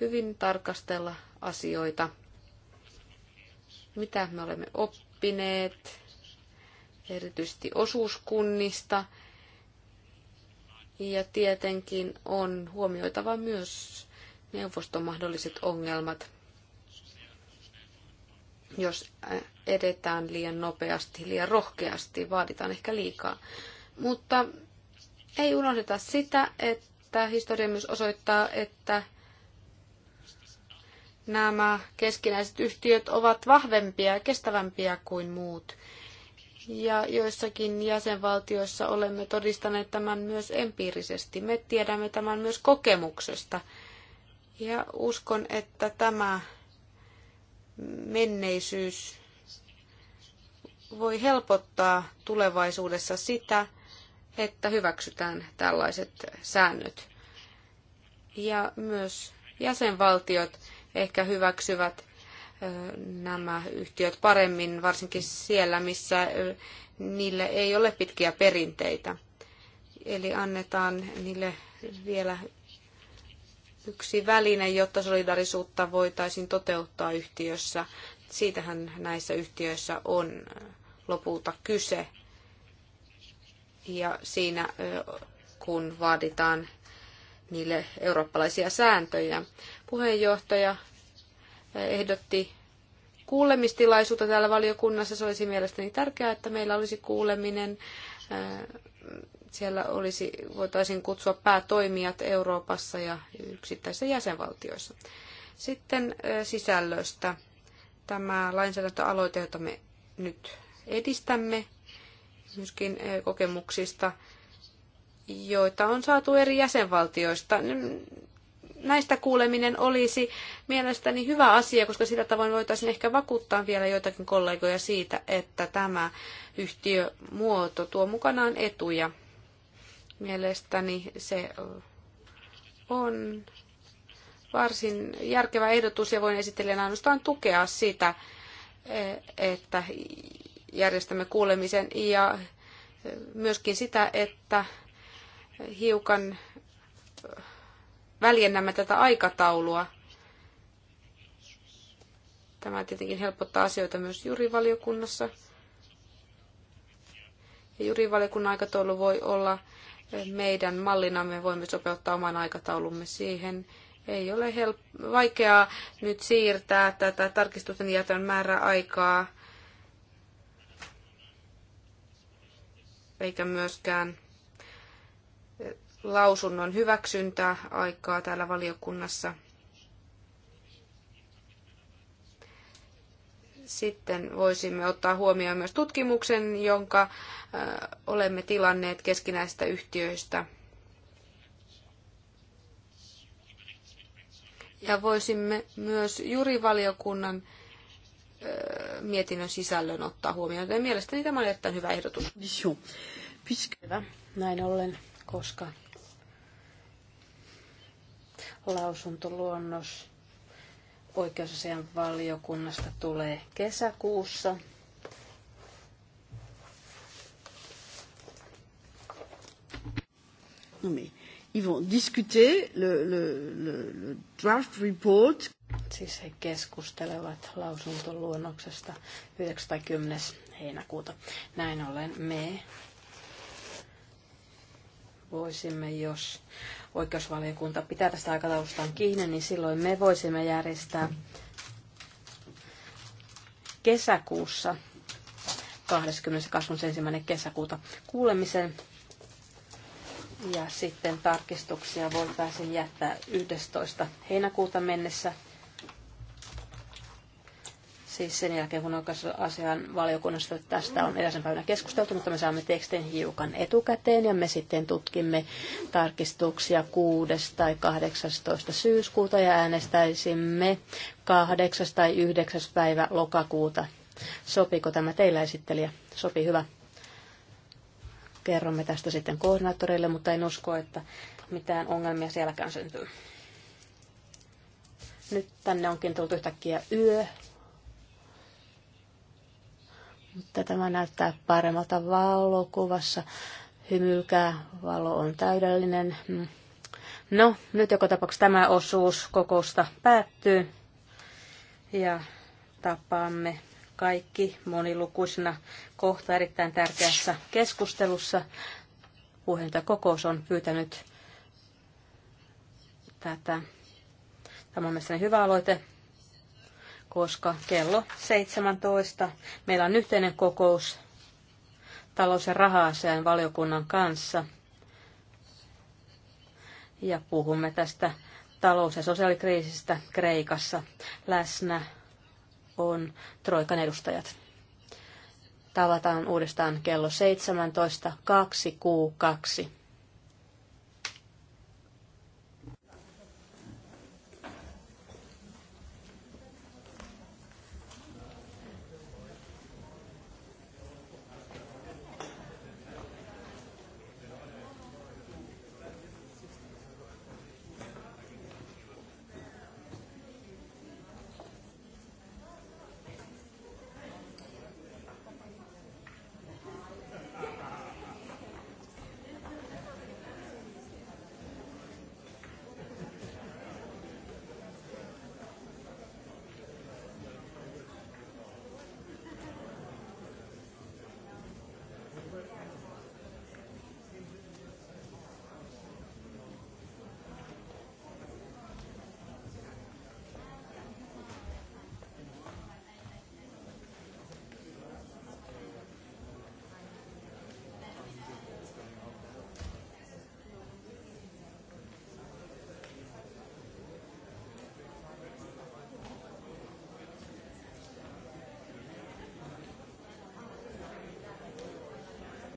hyvin tarkastella asioita. Mitä me olemme oppineet, erityisesti osuuskunnista. Ja tietenkin on huomioitava myös neuvoston mahdolliset ongelmat jos edetään liian nopeasti, liian rohkeasti, vaaditaan ehkä liikaa. Mutta ei unohdeta sitä, että historia myös osoittaa, että nämä keskinäiset yhtiöt ovat vahvempia ja kestävämpiä kuin muut. Ja joissakin jäsenvaltioissa olemme todistaneet tämän myös empiirisesti. Me tiedämme tämän myös kokemuksesta. Ja uskon, että tämä menneisyys voi helpottaa tulevaisuudessa sitä, että hyväksytään tällaiset säännöt. Ja myös jäsenvaltiot ehkä hyväksyvät nämä yhtiöt paremmin, varsinkin siellä, missä niille ei ole pitkiä perinteitä. Eli annetaan niille vielä yksi väline, jotta solidarisuutta voitaisiin toteuttaa yhtiössä. Siitähän näissä yhtiöissä on lopulta kyse. Ja siinä, kun vaaditaan niille eurooppalaisia sääntöjä. Puheenjohtaja ehdotti kuulemistilaisuutta täällä valiokunnassa. Se olisi mielestäni tärkeää, että meillä olisi kuuleminen siellä olisi, voitaisiin kutsua päätoimijat Euroopassa ja yksittäisissä jäsenvaltioissa. Sitten sisällöstä. Tämä lainsäädäntöaloite, jota me nyt edistämme, myöskin kokemuksista, joita on saatu eri jäsenvaltioista. Näistä kuuleminen olisi mielestäni hyvä asia, koska sillä tavoin voitaisiin ehkä vakuuttaa vielä joitakin kollegoja siitä, että tämä yhtiömuoto tuo mukanaan etuja Mielestäni se on varsin järkevä ehdotus ja voin esittelijänä ainoastaan tukea sitä, että järjestämme kuulemisen ja myöskin sitä, että hiukan väljennämme tätä aikataulua. Tämä tietenkin helpottaa asioita myös jurivaliokunnassa. Ja jurivaliokunnan aikataulu voi olla meidän mallinamme voimme sopeuttaa oman aikataulumme siihen. Ei ole help- vaikeaa nyt siirtää tätä tarkistusten jätön määräaikaa, eikä myöskään lausunnon hyväksyntää aikaa täällä valiokunnassa. Sitten voisimme ottaa huomioon myös tutkimuksen, jonka olemme tilanneet keskinäistä yhtiöistä. Ja voisimme myös jurivaliokunnan mietinnön sisällön ottaa huomioon. Joten mielestäni tämä on erittäin hyvä ehdotus. Hyvä. Näin ollen, koska lausuntoluonnos oikeusasian valiokunnasta tulee kesäkuussa. No niin. ils vont discuter le, le, le, le draft report. Siis he keskustelevat lausuntoluonnoksesta 90. heinäkuuta. Näin ollen me voisimme, jos oikeusvaliokunta pitää tästä aikataulustaan kiinni, niin silloin me voisimme järjestää kesäkuussa 21. kesäkuuta kuulemisen. Ja sitten tarkistuksia voitaisiin jättää 11. heinäkuuta mennessä Siis sen jälkeen, kun asian valiokunnasta tästä on edellisen päivänä keskusteltu, mutta me saamme tekstin hiukan etukäteen ja me sitten tutkimme tarkistuksia 6. tai 18. syyskuuta ja äänestäisimme 8. tai 9. päivä lokakuuta. Sopiiko tämä teillä esittelijä? Sopii hyvä. Kerromme tästä sitten koordinaattoreille, mutta en usko, että mitään ongelmia sielläkään syntyy nyt tänne onkin tullut yhtäkkiä yö mutta tämä näyttää paremmalta valokuvassa. Hymyilkää, valo on täydellinen. No, nyt joka tapauksessa tämä osuus kokousta päättyy ja tapaamme kaikki monilukuisena kohta erittäin tärkeässä keskustelussa. Puheenjohtajakokous on pyytänyt tätä. Tämä on mielestäni hyvä aloite koska kello 17 meillä on yhteinen kokous talous- ja raha valiokunnan kanssa. Ja puhumme tästä talous- ja sosiaalikriisistä Kreikassa. Läsnä on Troikan edustajat. Tavataan uudestaan kello 17.262.